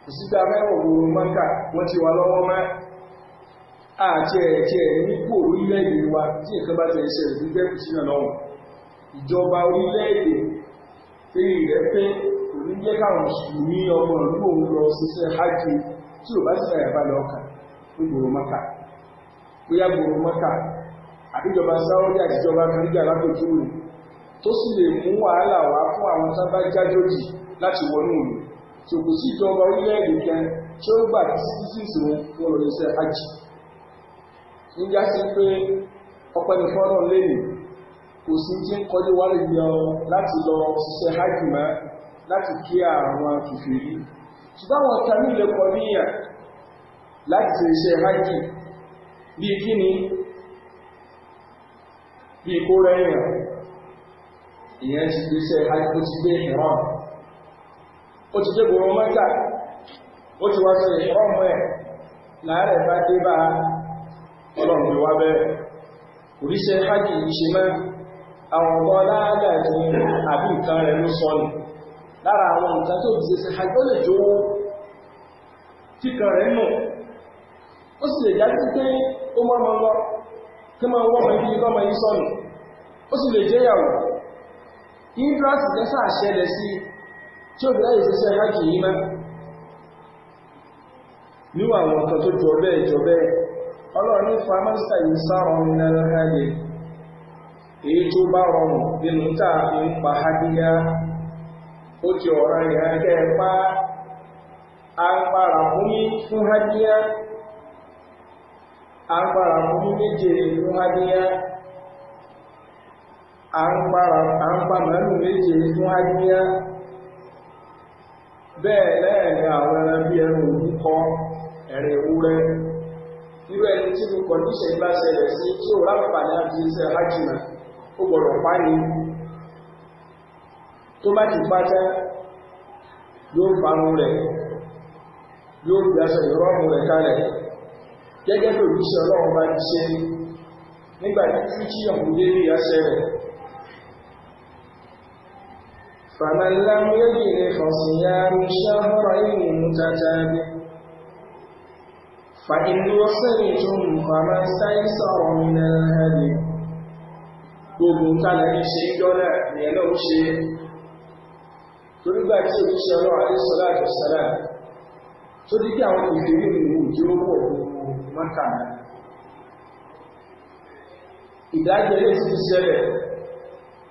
Speaker 1: kò sí dá mẹ́rọ̀ gbogbo mọ́kà wọ́n ti wà lọ́wọ́ mọ́ àti ẹ̀jẹ̀ nípò orílẹ̀-èdè wa tí nǹkan bá ti ẹ̀ṣẹ̀ ìdúgbẹ́ kùsínà lọ́wọ́ ìjọba orílẹ̀-èdè pé ìrẹ́pẹ́ kò ní jẹ́ káwọn mùsùlùmí ọmọ ìlú òun lọ ṣiṣẹ́ hajj tí ò bá sì ṣàyà balẹ̀ ọkà ní gbòòrò mọ́kà bóyá gbòòrò mọ́kà àbíjọba sáwọ́dí àtijọba kàríjà lápòjúwò tó sì lè mú wàhálà wá fún àwọn sábà jájòjì láti wọnú ìlú tí sí ìjọba orílẹ̀-èdè kan tí ó gbà títí sí ìsìn wọn lọ hajj nígbà sí pé ọpẹ́ fọ́nà lẹ́yìn kò sí tí ń kọjú wálé yọ láti lọ ṣiṣẹ́ hajj mọ́ láti kí àwọn kìfì rí ṣùgbọ́n àwọn kan nílẹ̀ kọ níyà láti ṣe iṣẹ́ hajj bíi kí ni bíi kó rẹ́yìn ìyẹn ti gbé iṣẹ́ hajj ó ti gbé ìran ó ti dé gbòòrò mọ́tà ó ti wá ṣe ìran ẹ̀ láàárẹ̀ bá dé bá ọlọ́run wá bẹ́ẹ̀ oríṣẹ́ hajj yìí ṣe mẹ́rin àwọn ọmọ aláàdà ní àbí ìkan rẹ̀ ló sọ́nù lára àwọn nǹkan tó bí ṣe àjọ́lẹ̀ jó kíkan rẹ̀ nù ó sì lè jáde pé ó mọ́ lọ kí máa wọ́n ibi sọ́nù ó sì lè jẹ́yàwó ṣẹlẹ̀ sí tí ó níwọ̀n àwọn tó jọ bẹ́ẹ̀ jọ bẹ́ẹ̀ ọlọ́run ní yìí sáà èyí tó bá rọrùn nínú táà fi ń pa hádíyá ó ti ọ̀rọ̀ ìyá kẹ́ ẹ pa agbára fún yí fún hádíyá agbára fún yí méje fún hádíyá agbára àǹpa màálù méje fún hádíyá bẹ́ẹ̀ lẹ́ẹ̀ni àwọn ẹran bí ẹran òun kọ ẹ̀rìn ewúrẹ́ irú ẹni tí mo kọ̀ níṣẹ́ bá ṣẹlẹ̀ sí tí ò ráfàdé àti iṣẹ́ hajjìmọ̀ ó gbọ́dọ̀ pa ni tó bá ti pa tẹ́ yóò parun rẹ̀ yóò fi aṣọ ìrọ́rùn rẹ̀ kalẹ̀ gẹ́gẹ́ bí òjíṣẹ́ ọlọ́run bá ti ṣe nígbà tí tí ọ̀kúndé rí aṣẹ rẹ̀ fàmàlá méjì ní fọ̀síyá ríṣẹ́ ọ̀rọ̀ gbogbo ntàlẹ́ ní ṣe ń dọ́nà ìyẹn náà ń ṣe torígbà tí òbí ṣe ọlọ́run àdéṣọlá àjọṣẹlá tó dí kí àwọn ìdílé ìlú tí ó pọ̀ mọ́ta ìdájọ́ ilé ti ṣẹlẹ̀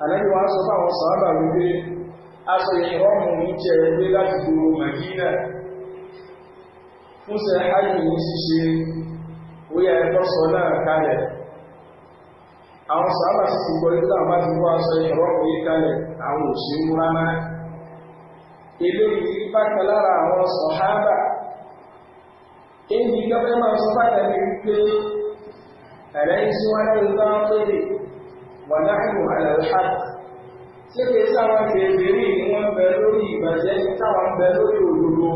Speaker 1: àlẹ́yìn wa sọ fáwọn sàábà wípé aṣọ ìrọ́mù ń jẹ ẹgbẹ́ láti gbòòrò màgínà fúnṣẹ́ ayé yìí ṣiṣẹ́ ó yẹ ẹ̀kọ́ sọ náà kalẹ̀ àwọn sábà sì ti gbọ́ nígbà bá ti wá aṣọ ìrọ́pò yìí kalẹ̀ àwọn òsì ń múra náà eléyìí bákan lára àwọn sọ̀hábà èyí gbọ́dọ̀ máa sọ bákan ní wípé ẹ̀rẹ́ ń síwájú ń bá ń pèrè wà láàyò àlàáfà tí kìí sáwọn bèbèrè ni wọ́n bẹ lórí ìbàjẹ́ ní táwọn bẹ lórí òdodo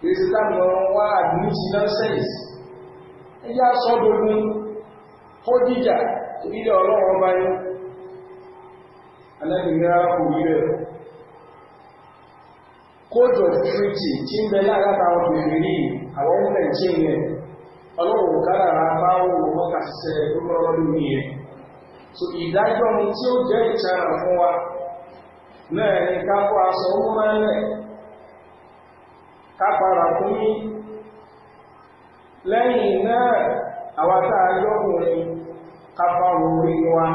Speaker 1: kìí sí táwọn wá àdúgbò sí lọ́sẹ̀ẹ̀sì ẹ̀yà sọ́dọ̀gún kó jíjà ilé ọlọ́wọ́ bá yí alẹ́gbẹ̀rẹ́ òwúrẹ̀ code of treaty tí ń bẹ lágbàtà obìnrin ní àwọn ọmọdé tí ń rẹ̀ ọlọ́wọ́ kádàrà bá wọ́n mọ́kàṣẹ́ gbọ́rọ̀lú ní ẹ̀ so ìdájọ́ ni tí ó jẹ́ ìtara fún wa náà ni kápọ̀ aṣọ ó máa lẹ̀ kápára fún yí lẹ́yìn náà àwọn tá a yọ́kùnrin kápá orí wa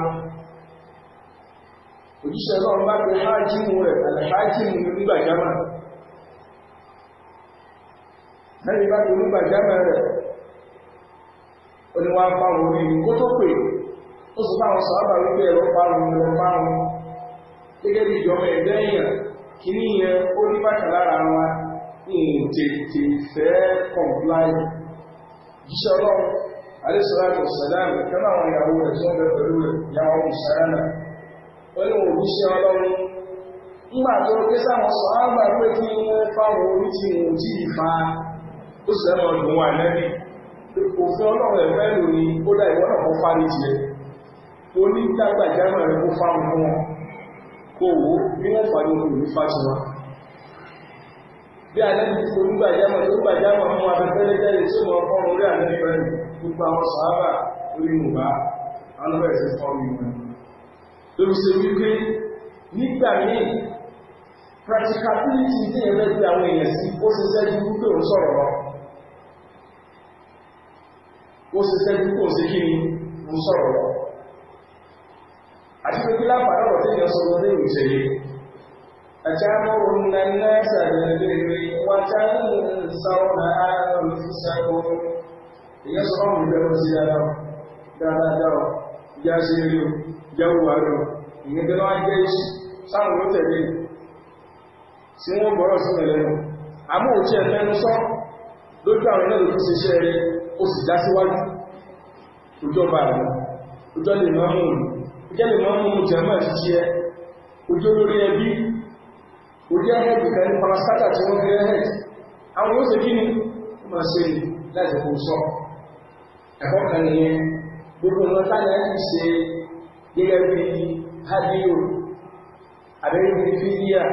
Speaker 1: òjíṣẹ́ náà bá pe hájímù rẹ̀ àlẹ́ hájímù onígbàjámà lẹ́yìn bá pe onígbàjámà rẹ̀ ó ní orí kó tó pè ó sì bá àwọn wípé ẹ̀rọ parun ẹ̀rọ parun gẹ́gẹ́ bí ìjọba ẹ̀dẹ́ èèyàn kìíní yẹn ó ní bàtà lára wa ní tètè fẹ́ kọ̀ǹpláì jíṣẹ́ ọlọ́run alẹ́sọ̀rọ̀ ìsàlámù kánà àwọn ìyàwó rẹ̀ tó ń bẹ pẹ̀lú rẹ̀ ìyàwó ìsàlámù wọ́n ní òbí ṣe ọlọ́run nígbà tó ké sáwọn sọ ágbà pé kí wọ́n fáwọn orí tí wọ́n ti fa ó sì ẹ̀mọ̀ ọdún wà lẹ́nu òfin ọlọ́run ẹ̀ mẹ́lò ni ó dá ìwọ́n náà kó fárí jẹ onídàgbàjámọ̀ rẹ̀ kó fáwọn fún wọn kó wò ó bí wọ́n fà yóò lè fà sí bí alẹ́ ti fi onígbàjámọ̀ tó gbàjámọ̀ fún afẹ́fẹ́ lẹ́jẹ́ lè tó mọ ọkọ̀ orí àlẹ́ fẹ́ràn gbogbo àwọn sàábà orí mùbá alọ́bẹ̀ẹ́sẹ̀ fọ́ọ̀mù wọn lórí ṣe wípé nígbà míì practicability tí ẹ̀rẹ́ ti àwọn èèyàn sí ó ṣe sẹ́jú púpọ̀ ń sọ̀rọ̀ lọ ó ṣe sẹ́jú púpọ̀ sí kí ń sọ̀rọ̀ lọ àti pé lápàá lọ́rọ̀ tí èèyàn sọ̀rọ̀ ní ìṣẹ̀lẹ̀ أتأمرون الناس بالبر وتنسون أنفسكم ìyẹn sọ fún ìgbẹ́ lọ sí dáadáa dáadáa ìyá sí rí o ìyá wù wá rí o ìyẹn tẹ́lá wá jẹ́ iṣu sáwọn ló tẹ̀lé tí wọ́n gbọ́rọ̀ sí ẹ̀lẹ́nu àmọ́ òtí ẹ̀ fẹ́nu sọ lójú àwọn náà lójú ṣiṣẹ́ rẹ ó sì já síwájú ojú ọba rẹ ojú ọdẹ máa mú un ìjẹ́ lè máa mú un jẹ́ máa ṣiṣẹ́ ẹ ojú olórí ẹbí orí ẹ̀ẹ́dì kan ní parasátà tí wọ́n fi ẹ̀ẹ́dì àwọn yóò ṣe kí ni ó máa ṣe láti kó sọ ẹ̀kọ́ kan nìyẹn gbogbo nǹkan táyà ń ṣe gẹ́gẹ́ bí hádìó àbẹ́rẹ́ bí fídíà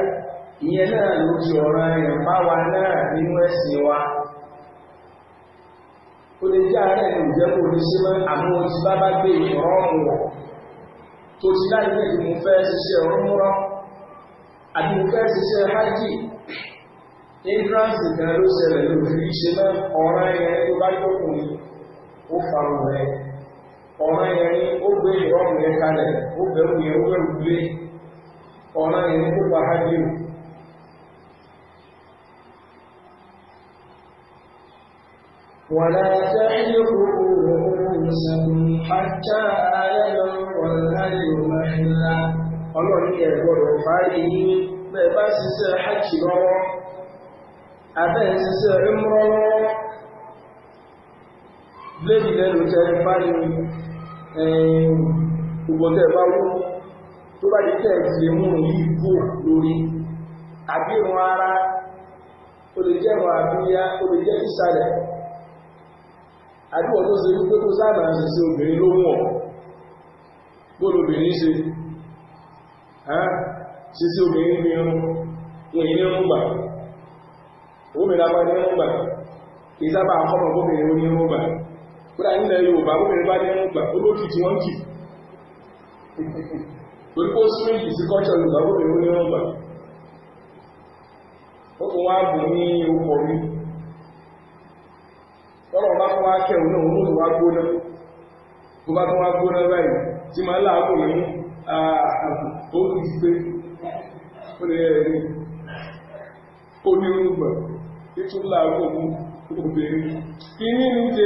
Speaker 1: ìyẹn náà ló ti ọ̀ràn ẹ̀yàn bá wa náà nínú ẹ̀sìn wa ó lè jẹ́ àárẹ̀ ní ìjẹ́ kò ní sí mọ́ àmọ́ ti bá bá gbé ìrọ́mù wọ̀ tó ti láì ní ìdí ṣiṣẹ́ rúmúrọ́ àti mo ṣiṣẹ́ hájì ní france kan ló ṣẹlẹ̀ lórí ìṣe náà ọ̀ràn ẹ̀yẹn tó bá jókòó ó farun rẹ̀ ọ̀ràn yẹn ni ó gbé ìrọ̀rùn rẹ̀ kalẹ̀ ó bẹ̀rù yẹn ó bẹ̀rù gbé ọ̀ràn yẹn ni ó pa hábíù ولا تحلقوهم حتى يلقى الهدي محلا ọlọ́run ní ẹ̀gbọ́dọ̀ fàáyé yín bẹ́ẹ̀ bá ṣiṣẹ́ hajj lọ́wọ́ abẹ́ ṣiṣẹ́ rímúrọ́ lọ́wọ́ bíléèdì lẹ́nu tẹ́ bá ní gbogbo tẹ́ bá wó tó bá di tẹ́ ti mú yìí kú lórí àbí ìrun ara ó lè jẹ́ ìrun àbíyá ó lè jẹ́ ìsàlẹ̀ àdúgbò tó ṣe wípé tó sáàbà ń ṣiṣẹ́ obìnrin ló wọ̀ gbọ́dọ̀ obìnrin ṣe ṣiṣẹ́ obìnrin ní irun wọn yìí ní irun gbà owó mi lápá ní irun gbà kì í sábà kọ́mọ̀ gómìnir onírun gbà kúrò nílẹ̀ yorùbá gómìnà bá dẹ́rùn gbà olóòtú tí wọ́n kì torí kó sún ìjì sí kọ́ṣọ́ yorùbá gómìnà ní wọ́n gbà ó kò wá bù ní orúkọ mi tọ́lọ̀ bá fún wa kẹrù náà ó tó wá gbóná tó bá tún wá gbóná báyìí tí máa láàbò ní àbò ó ti pé ó lè rẹ̀ ní onírúgbọ̀n títún láàbò mú obìnrin kí nínú ṣe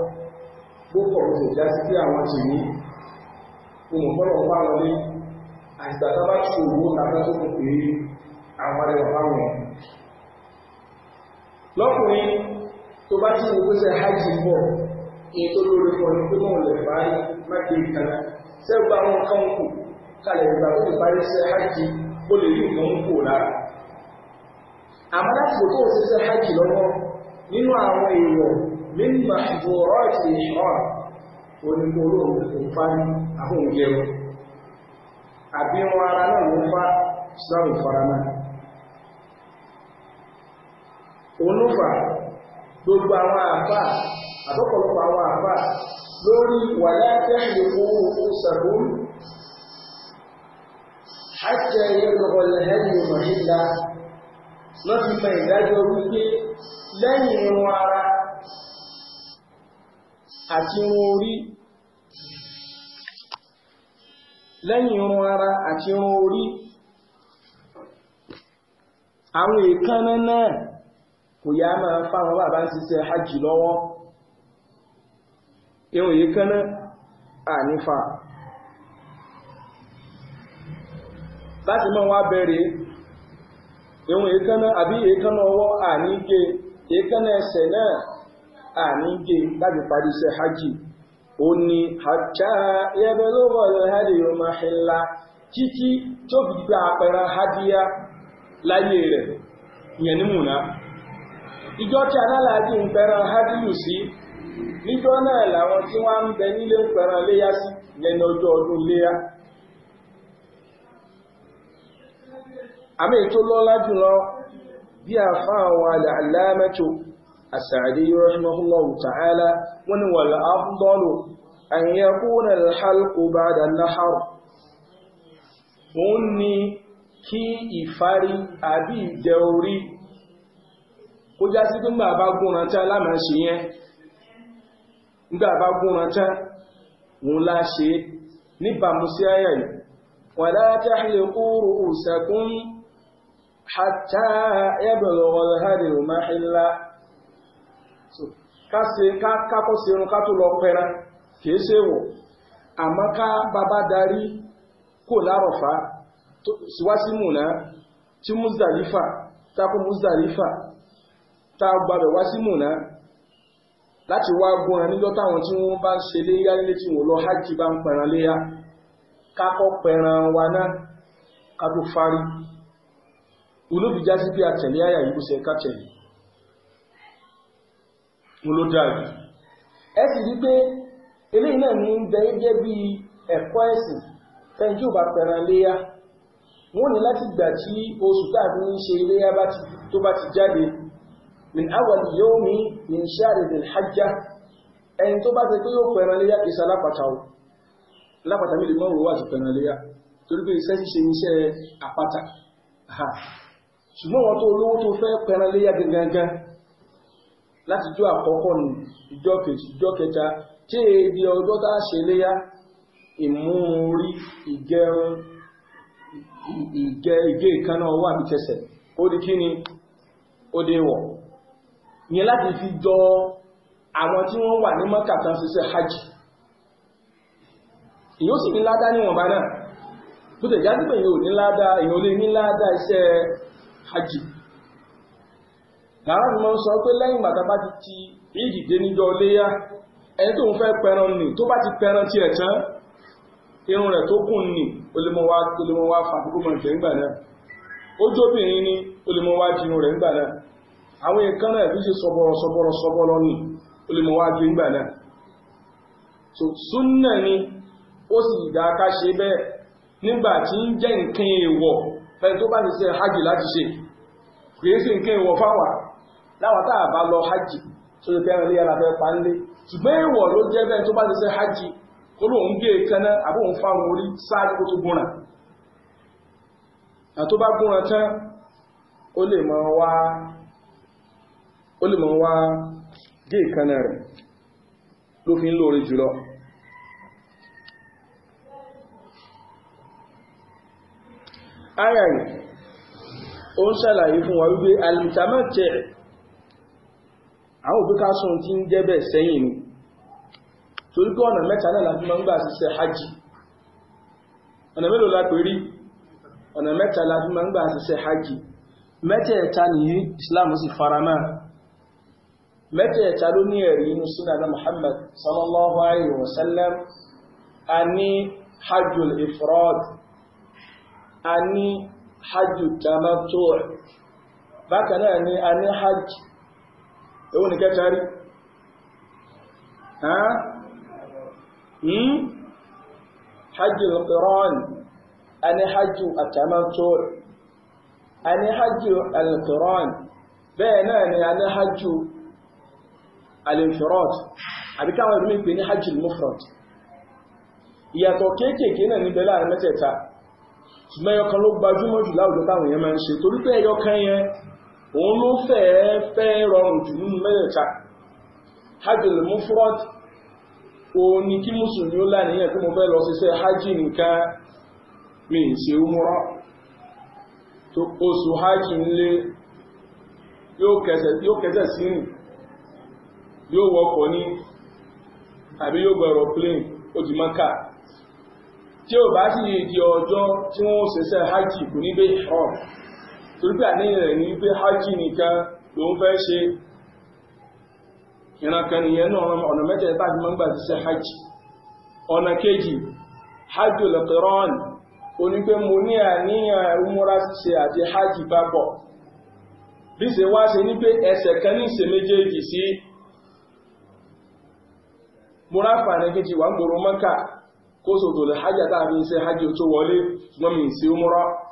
Speaker 1: bó pọ̀ ló já sí pé àwọn tì ní ohun kọ́lọ̀ ń bá wọn lé àìsàn tá bá ṣe owó tàbí tó kù pé àwọn arẹwà báwọn yẹn. lọ́kùnrin tó bá ti wò pé ṣe hajj bọ̀ ìyẹn tó lórí pọ̀ ní pé mọ̀ lè bá má dé ìkan sẹ́wọ́n bá wọn kàn kù kalẹ̀ ìgbà tó ti parí ṣe hajj ó lè rí nǹkan kù lára. àmọ́ láti wò tó ṣe ṣe hajj lọ́wọ́ nínú àwọn èèyàn من محظورات الإحرام ونقولون الكفار أهم يوم أبي ورانا نفا سام فرنا ونفا gbogbo àwọn àbá àbọ̀pọ̀lọpọ̀ àwọn àbá lórí wàlá tẹ́lẹ̀ owó ṣàbùn àjẹ́ ìrọ̀lẹ́ ẹ̀yìn òmìnira lọ́fíìmọ̀ ìdájọ́ wípé lẹ́yìn irun ara àti irun orí lẹ́yìn irun ara àti irun orí àwọn èékánná náà kò yá máa fáwọn bàbá ń ṣiṣẹ́ hajj lọ́wọ́ irun èékánná ànífà láti mọ́ wá bẹ̀rẹ̀ irun èékánná àbí èékánná ọwọ́ àníge èékánná ẹsẹ̀ náà àní gé láti parí iṣẹ́ hajj ó ní hatta yablugha al ṣe mahillah títí tó fi gba àpẹẹrẹ hadiya láyé rẹ̀ ìyẹn ní múná ìjọ tí alálàájì ń pẹran sí níjọ́ náà làwọn tí wọ́n ń bẹ nílé ń léyà sí ní ọjọ́ ọdún السعدي رحمه الله تعالى من والأفضل أن يكون الحلق بعد النحر òun كي kí أبي àbí ìjẹ orí kó já sí nígbà bá gúnran tán lámàá ṣe yẹn nígbà bá gúnran tán òun lá ṣe níbàmú sí ayà yìí wala tahliqu ru'usakum hatta yablugha al-hadiyu mahillah káṣe kákọ́ sí irun ká tó lọ pẹran kìí ṣe wò àmọ́ ká bàbá darí kò lárọ̀fá síwá sí múnà tí Muzdalifa tako Muzdalifa tá a gbàbẹ̀ wá sí múnà láti wá gbọ́nra níjọ́ táwọn tí wọ́n bá ń ṣe léyá nílé tí wọ́n lọ hajj bá ń pẹran léyá kákọ́ pẹran wa náà ká tó fárí olóbìjá sí pé àyà yìí kò ṣe ká tẹ̀lé wọn ló dáa jù ẹ sì rí pé eléyìí náà ní bẹ gẹ́gẹ́ bí ẹ̀kọ́ ẹ̀sìn fẹ́ni tí ò bá pẹran léyà wọn ní láti gbà tí oṣù tàbí ń ṣe iléyà tó bá ti jáde min awal yomi min shari dil hajja ẹni tó bá ti pé yóò pẹran léyà kì í ṣe alápàtà o alápàtà mi lè mọ òwò àti pẹran léyà torí pé iṣẹ́ ṣíṣe iṣẹ́ àpáta ṣùgbọ́n wọn tó olówó tó fẹ́ pẹran léyà gangan láti jọ́ àkọ́kọ́ ní ìjọ kejì ìjọ kẹta tí èdè ọjọ́ tá a ṣe léyà ìmú orí ìgẹrun ìgẹ ìgé ìkànnà ọwọ́ àbítẹsẹ̀ ó di kí ni ó dé wọ̀ yẹn láti fi jọ àwọn tí wọ́n wà ní mọ́kà tán ṣiṣẹ́ hajj èyí ó sì ní ládá níwọ̀nba náà tó tẹ̀ jáde pé èyí ò ní ládá èyí ò lè ní ládá iṣẹ́ hajj làwọn ti máa ń sọ pé lẹ́yìn bàtà bá ti ti ìdì dé níjọ́ léyà ẹni tó ń fẹ́ pẹran nì tó bá ti pẹran tiẹ̀ tán irun rẹ̀ tó kùn nì olèmọ̀wá olèmọ̀wá fàdúgbò mọ̀ ìgbẹ́ ńgbà náà ojóbìnrin ni olèmọ̀wá di irun rẹ̀ ńgbà náà àwọn èèkan náà fi ṣe sọ̀bọ̀rọ̀ sọ̀bọ̀rọ̀ sọ̀bọ̀rọ̀ nì olèmọ̀wá di ńgbà náà so súnà ni ó sì dá ká ṣe bẹ́ẹ̀ nígbà tí ń jẹ́ nǹkan èèwọ̀ fẹ́ni tó bá ti ṣe hajj láti ṣe kìí ṣe nǹkan èèwọ̀ fáwàá láwọn tá a bá lọ hajj tó lè fẹ́ràn léyà láfẹ́ pa ń lé ṣùgbọ́n èèwọ̀ ló jẹ́ bẹ́ẹ̀ tó bá ti ṣe hajj tó lóun gé èékánná àbó òun fáwọn orí sáájú kó tó gúnra àtó bá gúnra tán ó lè mọ wá ó lè mọ wá gé èékánná rẹ̀ ló fi ń lóore jùlọ ayàyè ó ń ṣàlàyé fún wa wípé alìtàmọ́tẹ̀ àwọn òbí ká sọ tí ń jẹ́ bẹ́ẹ̀ sẹ́yìn ni torí pé ọ̀nà mẹ́ta náà la fi máa ń gbà ṣiṣẹ́ hajj ọ̀nà mélòó la pè rí ọ̀nà mẹ́ta la fi máa ń gbà ṣiṣẹ́ hajj mẹ́tẹ̀ẹ̀ta nìyí Islam sì faramá mẹ́tẹ̀ẹ̀ta ló ní ẹ̀rí inú súnà Muhammad sallallahu alayhi wa sallam a ní hajjul ifrad a ní hajjul tamattu bákan náà ni a ní hajj èwo ní kẹta rí hmm? hajji al-qiran ani hajji at-tamattu ani hajji al-qiran bẹ́ẹ̀ náà ni ani hajji al-infirad àbí káwọn ìlú ìpè ní hajji al-mufrad ìyàtọ̀ kéékèèké náà níbẹ̀ láàrin mẹ́tẹ̀ẹ̀ta ṣùgbọ́n ẹyọkan ló gbajúmọ̀ jù láwùjọ táwọn èèyàn máa ń ṣe torí pé ẹyọkan yẹn òun ló fẹ́ẹ́ fẹ́ rọrùn jù nínú mẹ́rẹ̀ẹ̀ta hajj lè mú fúrọ́t òun ni kí mùsùlùmí ó láníyàn pé mo fẹ́ lọ ṣiṣẹ́ hajj nìkan mi ì ṣe umrọ tó oṣù hajj ńlé yóò kẹsẹ̀ sí rìn yóò wọkọ̀ ní àbí yóò gba aeroplane ó mọ́kà tí ò bá sì di ọjọ́ tí wọ́n ṣẹṣẹ́ hajj kò ní bẹ́ẹ̀ torípé àníyàn rẹ̀ ní wípé hajj nìkan ló ń fẹ́ ṣe ìrànkan nìyẹn náà ọ̀nà mẹ́tẹ̀ẹ̀ta fi máa ń gbà ti ṣe hajj ọ̀nà kejì hajj olùkọ́rọ́ọ̀nì ó ní pé mo ní àníyàn umura ṣe àti hajj papọ̀ bí ṣe wá ṣe ní pé ẹsẹ̀ kan ní ìṣe méjèèjì sí múra fàánà kejì wà ń gbòòrò mọ́kà kó sòtò lè hajj àtàbí ṣe hajj tó wọlé ṣùgbọ́n mi ì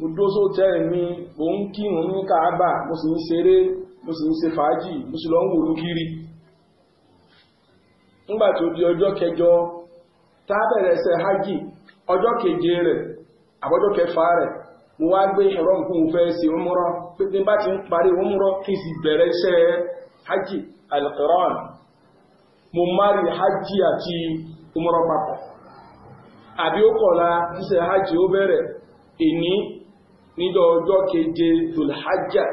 Speaker 1: mo dúró sóòtẹ́ẹ̀lì mi mo ń kírun ní káàbà mo sì ń ṣeré mo sì ń ṣe fàájì mo sì lọ ń wòlú kiri nígbà di ọjọ́ kẹjọ tá a bẹ̀rẹ̀ ṣe hajj ọjọ́ keje rẹ̀ àbọ́jọ́ kẹfà rẹ̀ mo wá gbé ẹ̀rọ nǹkan mo fẹ́ ṣe pé n bá ti ń parí kí n sì bẹ̀rẹ̀ àti níjọ́ ọjọ́ keje dùlhajjá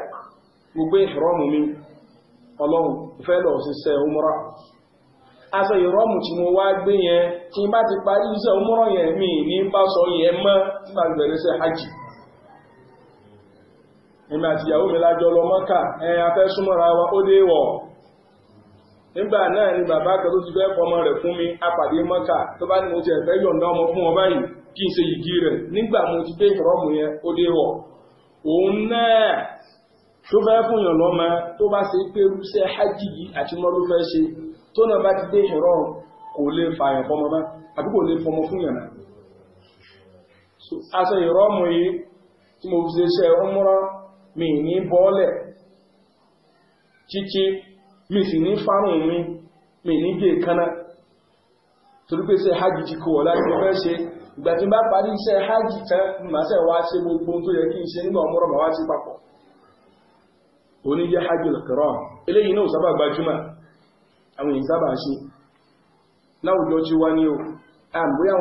Speaker 1: gbogbo ìrọ́mù mi ọlọ́run fẹ́ lọ síṣẹ́ umra aṣọ ìrọ́mù tí mo wá gbé yẹn tí bá ti parí iṣẹ́ umra yẹn mi ní bá sọ yẹn mọ́ nígbà bẹ̀rẹ̀ iṣẹ́ hajj èmi àti ìyàwó mi lájọ lọ mọ́kà ẹ afẹ́ súnmọ́ra wa ó dé wọ̀ nígbà náà ni bàbá kan tó ti fẹ́ fọmọ rẹ̀ fún mi apàdé mọ́kà tó bá ní mo ti ẹ̀fẹ́ yọ̀ǹda ọmọ fún wọn báyìí kí n ṣe yìgì rẹ̀ nígbà mo ti dé ìrọ́mù yẹn ó dé wọ̀ òun náà tó fẹ́ fún yàn lọ́mọ tó bá ṣe pé irúṣẹ́ hajj yìí àti mọ́ fẹ́ ṣe tó náà bá ti dé ìrọ́mù kò lè fa àyàn fọmọ bá àbí kò lè fọmọ fún yàn náà aṣọ ìrọ́mù yìí tí mo fi ṣe mi ní bọ́ọ̀lẹ̀ títí mi sì ní fárùn mi mi ní gé ìgbà tí n bá parí iṣẹ́ hajj tán màá ṣe wá ṣe gbogbo tó yẹ kí n ṣe nígbà ọmọrọ̀ màá wá sí papọ̀ oníjẹ́ hajj lọ́kẹ̀rọ̀ eléyìí náà sábà gbajúmọ̀ àwọn èyí sábà ṣe o àwọn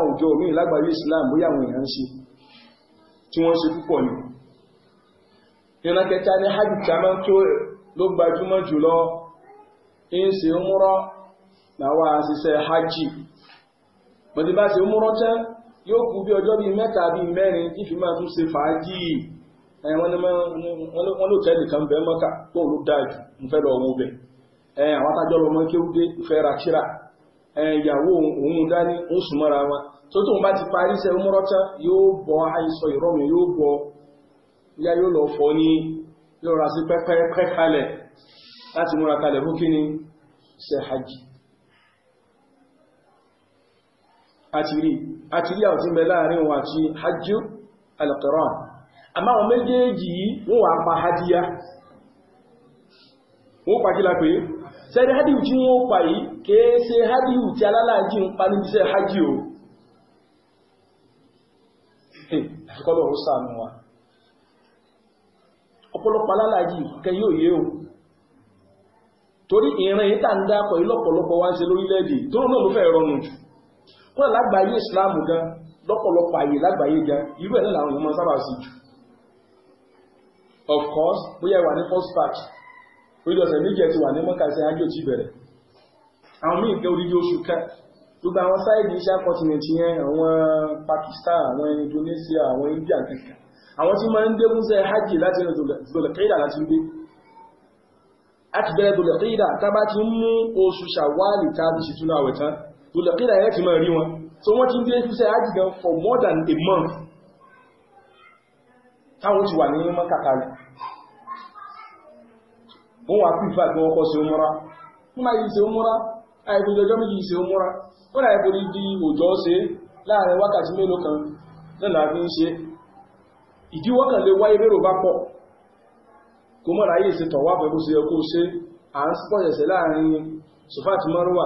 Speaker 1: òjò lágbàáyé Islam bóyá àwọn èèyàn ń ṣe tí wọ́n ṣe púpọ̀ ni ní hajj tí a máa ń tó ló gbajúmọ̀ jùlọ ń ṣe yóò kú bí ọjọ́ bíi mẹ́ta bíi mẹ́rin tí fi máa tún ṣe fàájì wọ́n ló tẹ́lẹ̀ kan bẹ́ẹ̀ mọ́kà tó ló dáa jù ń fẹ́ lọ wo bẹ̀ àwọn atájọ́ lọ́mọ kéwúdé ìfẹ́ ra kíra ìyàwó òun dání ó sùn mọ́ra wọn tó tóun bá ti parí iṣẹ́ yóò àti rí àwọn mẹ láàrin wọn àti hajjú alqiran àmá àwọn méjèèjì yìí wọ́n wà pa hadiya wọ́n pé sẹ́rí hadiyu tí wọ́n pa yìí kèé ṣe hadiyu tí alálàájì ń pa iṣẹ́ hajji o wa ka torí ìrìn ìtàndápọ̀ ilọ̀pọ̀lọpọ̀ wá ń ṣe lórílẹ̀-èdè tó ló fẹ́ rọrùn kúrò lágbàáyé ìsìláàmù gan lọ́pọ̀lọpọ̀ àyè lágbàáyé gan irú ẹ̀ náà làwọn èèyàn máa sábà sí jù of course bóyá wà ní first batch orí ọ̀sẹ̀ méjì ẹ̀ ti wà ní mọ́kàsí ajé òtí bẹ̀rẹ̀ àwọn míì gẹ́ odidi oṣù kan gbogbo àwọn sáìdì iṣẹ́ continent yẹn àwọn Pakistan àwọn Indonesia àwọn India kankan àwọn tí máa ń dé múṣẹ́ hajj láti rẹ̀ dòlẹ̀kẹ́dà láti gbé láti bẹ̀rẹ̀ dòlẹ̀kẹ́dà tá bá ti mú oṣù ṣàwálì tá a ti ṣètúnú àwẹ̀ tán tó lè kílà ẹ̀rẹ́ ti máa rí wọn so wọ́n ti ń dé ṣiṣẹ́ hajj gan for more than a month táwọn ti wà ní mọ́ kàkàlẹ̀ wọ́n wà pífà tí wọ́n kọ́ sí omúra wọ́n máa yìí sí omúra àìkúnjẹ ọjọ́ méjì sí omúra wọ́n náà ẹ̀kọ́ di òjò ṣe láàrin wákàtí mélòó kan náà láti ń ṣe ìdíwọ́ kan lè wáyé mérò bá pọ̀ kò mọ́ra yìí ṣe tọ̀wá pẹ̀lú sí ẹkú ṣe à ń pọ̀ ṣẹ̀ṣẹ̀ láàrin sofat marwa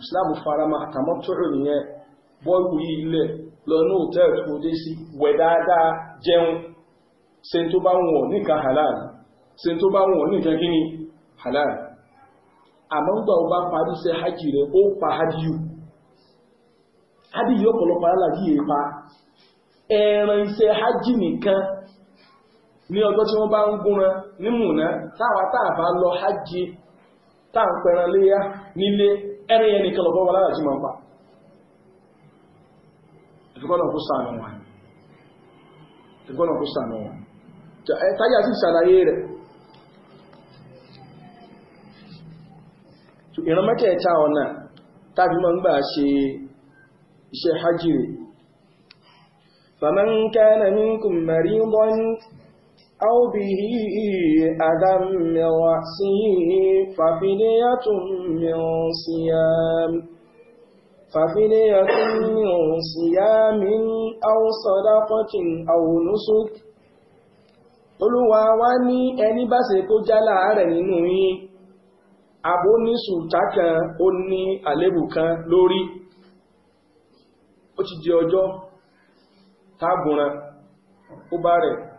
Speaker 1: Islam farama àtàmọ́tòrò nìyẹn bọ́ọ̀lù yìí ilẹ̀ lọ ní hòtẹ́ẹ̀lì tó dé sí wẹ̀ dáadáa jẹun ṣe tó bá wọn ò nìkan halal ṣe tó bá wọn ò nìkan kíni halal àmọ́ nígbà wo bá parí iṣẹ́ hajj rẹ̀ ó pa hadiyu hadiyu ọ̀pọ̀lọpọ̀ aláàjì yìí pa ẹran iṣẹ́ hajj nìkan ní ọjọ́ tí wọ́n bá ń gúnran ní mùnà táwa táàbá lọ hajj táà ń pẹran léyà nílé ẹ̀rìn yẹn nìkan lọ́gbọ́ wọn láti máa ń pa ìfẹ́kọ́nà kó sànù wọn ìfẹ́kọ́nà kó sànù wọn táyà sì ṣàlàyé rẹ̀ ìran mẹ́tẹ̀ẹ̀ta ọ̀nà tàbí mọ́ ń gbà ṣe iṣẹ́ hajjire faman kana minkum أو به أذى من رأسه ففدية من صيام ففدية من صيام أو صدقة أو نسك Olúwa wá ní ẹni kan ó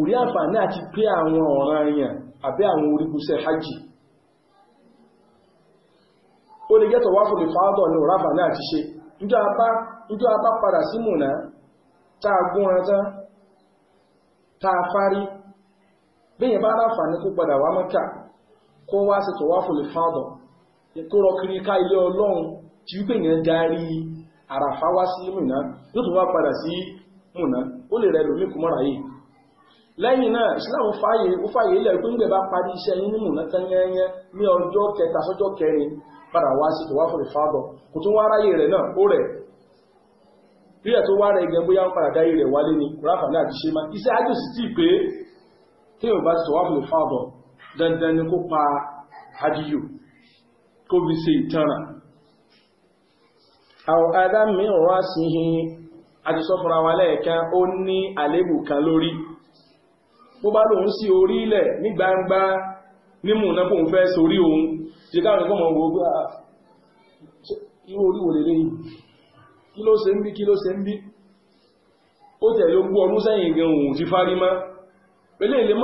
Speaker 1: kò rí àǹfààní àti pé àwọn ọ̀ràn èèyàn àbí àwọn orígunṣẹ́ hajj ó lè jẹ́tọ̀ wá fòlè fáádọ̀ ní ọ̀rá àǹfààní àti ṣe níjọ́ abá padà sí mùnà tá a gún ọ̀rán tán tá a fárí bíyàn bá ráǹfààní kó padà wá mọ́kà kó wá sí tọ̀wá fòlè fáádọ̀ kó rọ kiri ká ilé ọlọ́run ó lè rẹ lòmíkùmọ́ra yìí lẹ́yìn náà islam fààyè ó fààyè ilẹ̀ pé ńgbẹ̀ bá parí iṣẹ́ yín ní mùnátá yẹ́yẹ́ ní ọjọ́ kẹta sọ́jọ́ kẹrin padà wá sí tòwá fún ìfádọ̀ kò tún wá ráyè rẹ̀ náà ó rẹ̀ rí ẹ̀ tó wá rẹ̀ gẹ̀ bóyá ń padà wálé ni ráfà ti má iṣẹ́ ájò sì tí pé bá dandan ni kó pa hadiyu kó fi ṣe ìtanà àwọn adá kan lórí bó bá lòun sí orí ilẹ̀ ní gbangba ní náà kò ń fẹ́ sórí òun ṣe káàrin kọ́ mọ̀ wọ́n gbá ah, irú orí wò lélẹ́yìn kí ló ṣe ń bí kí ló ṣe ń bí ó tẹ̀lé ogún ọdún sẹ́yìn gan òun ti fárí mọ́ pẹ̀lú ilé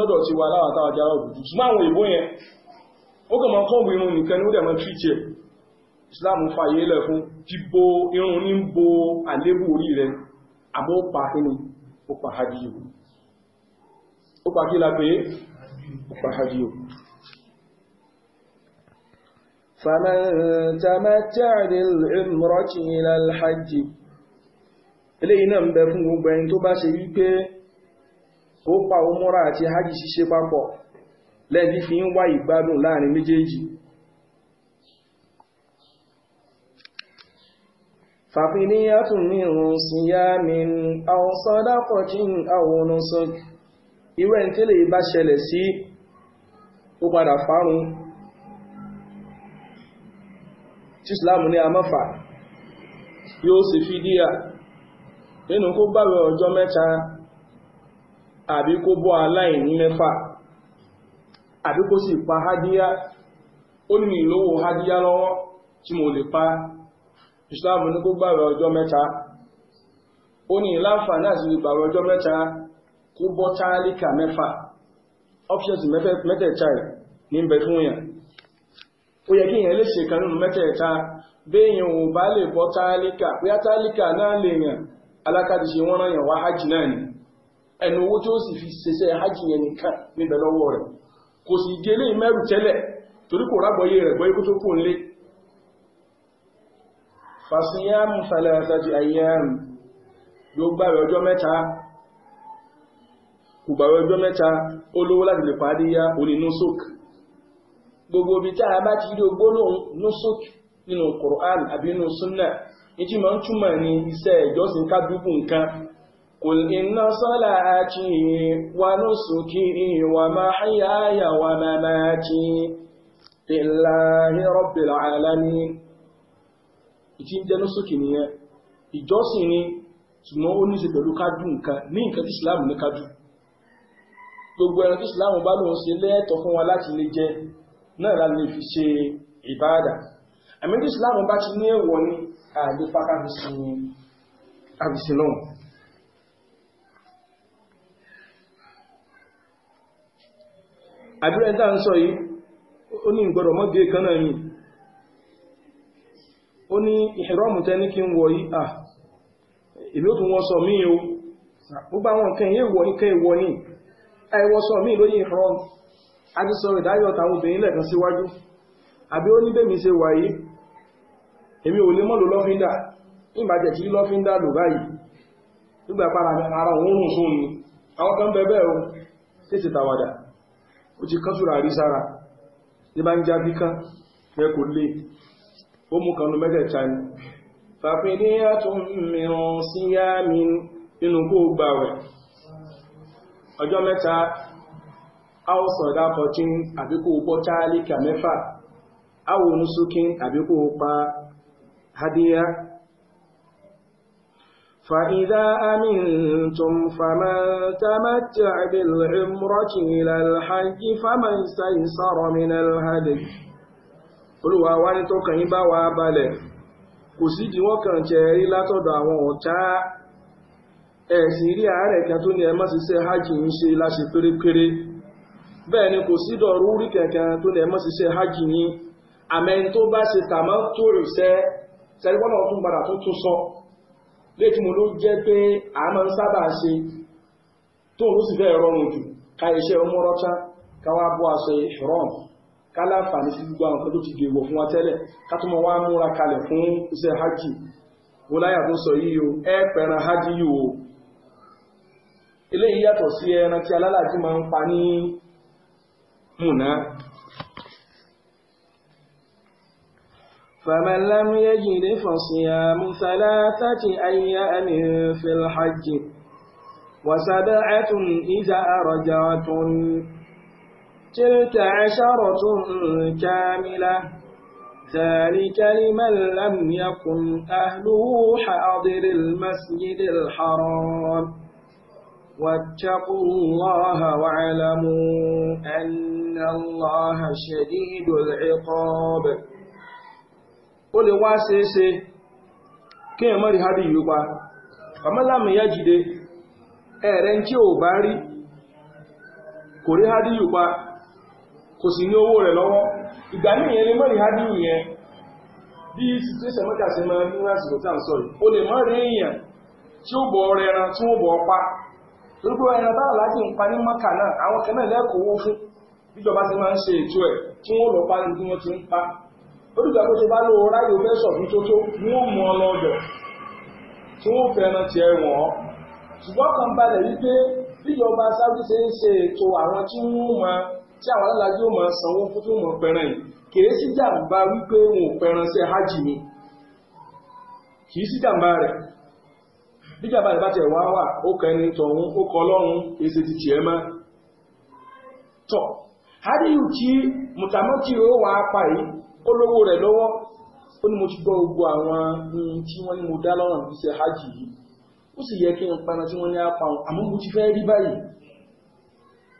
Speaker 1: lọ́dọ̀ ti wà láwàtà ọjà ṣùgbọ́n àwọn yẹn ó kàn máa kọ́ọ̀bù Islam lẹ̀ fún irun ní bo àlébù orí ó pa kí la pé ó pa hajj o فمن تمتع بالعمرة إلى الحج eléyìí náà ń bẹ fún gbogbo ẹni tó bá ṣe wípé ó pa òmúra àti hajj ṣíṣe papọ̀ lẹ́ẹ̀dí fi ń wá ìgbádùn من صيام أو أو نسك irú ẹni tẹ́lẹ̀ yìí bá ṣẹlẹ̀ sí ó padà fárun tí ìsìláàmù ní amáfà yóò sì fi díyà nínú kó gbààwẹ̀ ọjọ́ mẹ́ta àbí kó bọ́ aláìní mẹ́fà àbí kó sì pa hádíyá ó ní ìlówó hádíyá lọ́wọ́ tí mo lè pa ìsìláàmù ní kó gbààwẹ̀ ọjọ́ mẹ́ta ó ní ìláǹfààní àti ìgbààwẹ̀ ọjọ́ mẹ́ta kó bọ́ táálíkà mẹ́fà options mẹ́tẹ̀ẹ̀ta ẹ̀ ní ń bẹ fún yàn ó yẹ kí yẹn lè ṣe nínú mẹ́tẹ̀ẹ̀ta béèyàn ò bá lè bọ́ táálíkà bóyá táálíkà náà lè yàn alákàtí ṣe wọ́n fi ṣeṣẹ́ hajj yẹn nìkan níbẹ̀ lọ́wọ́ rẹ̀ kò sì gé lé mẹ́rù tẹ́lẹ̀ torí kò rágbọ́yé rẹ̀ tó kù nílé fàṣíyàmù kò gbàwẹ̀ ọjọ́ mẹ́ta ó lówó láti lè parí yá orí nusuk gbogbo ibi tá a bá ti rí ogbólóhùn nusuk nínú Qur'an àbí nínú sunna ìtí máa ń túmọ̀ ní iṣẹ́ ìjọsìn kádùkù nǹkan قل إن صلاتي ونسكي ومحياي ومماتي wa رب العالمين ìtí ń jẹ́ nusuk nìyẹn ìjọsìn ni ṣùgbọ́n ó ní ṣe pẹ̀lú kájú nǹkan ní nǹkan Islam ní gbogbo ẹran tí ìsìláàmù bá lòun ṣe lẹ́ẹ̀tọ́ fún wa láti lè jẹ náà la lè fi ṣe ìbáàdà àmì tí ìsìláàmù bá ti ní èèwọ̀ ni àdé pákà fi sin àfisìn náà àbúrẹ́ tá ń sọ yìí ó ní ìgbọ́dọ̀ mọ́gbé kan náà ni ó ní ìhìrọ́mù tẹ́ ní kí ń wọ yìí à ìlú tó wọ́n sọ míì o gbogbo àwọn nǹkan yìí wọ ní kẹ́ ìwọ ní ẹwọ́sọ míì lóyìn ìfọ́n a ti sọ ìdáyọ̀ tàwọn obìnrin lẹ́ẹ̀kan síwájú àbí ó ní bẹ́mi ṣe wà yìí èmi ò lè mọ́ kí para ara àwọn kan o tètè tàwàdà ó ti kán túra rí sára ní bá ń já bí kán rẹ kò lè ó mú ni mi nínú kó gbà ọjọ́ mẹ́ta áwọ̀sàn ìdákọ̀tín àbíkò bọ́ táálíkà mẹ́fà áwọ̀ onúsúkín àbíkò pa hadiya فإذا أمنتم فمن تمتع بالعمرة إلى الحج فمن استيسر من الهدي olùwà wa ní tó kàn yín bá wa balẹ̀ kò sídìí wọ́n kàn jẹ́ rí látọ̀dọ̀ àwọn ọ̀tá ẹ̀sìn rí àárẹ̀ kan tó ní ẹ má ṣiṣẹ́ hajj ń ṣe láṣẹ pérépéré bẹ́ẹ̀ ni kò sí dọ̀rú rí kankan tó ní ẹ má hajj yín àmẹ́ni tó bá ṣe tàmọ́ tó rò sẹ́ sẹ́ríkọ́nà tún padà tó tún sọ mo ló jẹ́ pé a sábà ṣe tó ló sì fẹ́ rọrùn jù ká iṣẹ́ ọmọrọ́tá ká wá bọ́ aṣọ ìrọ̀n ká láǹfààní sí gbogbo àwọn tó ti fún wa tẹ́lẹ̀ ká tó mọ hajj wọláyà tó sọ yìí o eléyìí yàtọ̀ sí ẹran tí alálàájì máa ń pa ní múná فمن لم يجد فصيام ثلاثة أيام في الحج وسبعة إذا رجعتم تلك عشرة كاملة ذلك لمن لم يكن أهله حاضر المسجد الحرام واتقوا الله واعلموا أن الله شديد العقاب ó lè wá ṣeéṣe kí èèyàn mọ́rí hábí yìí pa ọmọláàmì yá jìde ẹ̀rẹ́ ń bá rí kò rí kò sì ní owó rẹ lọ́wọ́ ìgbà ní ìyẹn lè mọ́rí bí máa ń rí ń sọ yìí lè èèyàn tí ó bọ̀ ẹran tí ó bọ̀ gbogbo ẹran bá aláàjì ń parí mọ́kà náà àwọn kan náà lẹ́kọ̀ọ́ fún bíjọba ti máa ń ṣe ètò ẹ̀ tí wọ́n lọ parí bí wọ́n ti ń pa olùgbà tó ṣe bá lò ó ráyè fẹ́ sọ̀tún tó tó ní ó mú ọ lọ́dọ̀ tí wọ́n fẹ́ràn tiẹ̀ wọ̀n ṣùgbọ́n kan balẹ̀ wípé bíjọba sáwí ṣe ń ṣe ètò àwọn tí wọ́n mọ tí àwọn aláàjì ó máa sanwó fún tó mọ̀ pẹ̀rẹ̀ yìí kìí sí jàǹbá wípé wọn ò pẹ̀ràn sí hajj ni kìí sí jàǹbá rẹ̀ bíjàmbá yìí bá tẹ̀ wá wà ó kọ ẹni tọ̀hún ó kọ ọlọ́run èsì ti tiẹ̀ mọ́ tọ̀ hádìyù tí mùtàmọ́tì ó wà á pa yìí ó lówó rẹ̀ lọ́wọ́ ó ní mo ti gbọ́ gbogbo àwọn tí wọ́n ní mo dá lọ́rùn fi ṣe hajj yìí ó sì yẹ kí n paná tí wọ́n ní apá wọn àmọ́ mo ti fẹ́ rí báyìí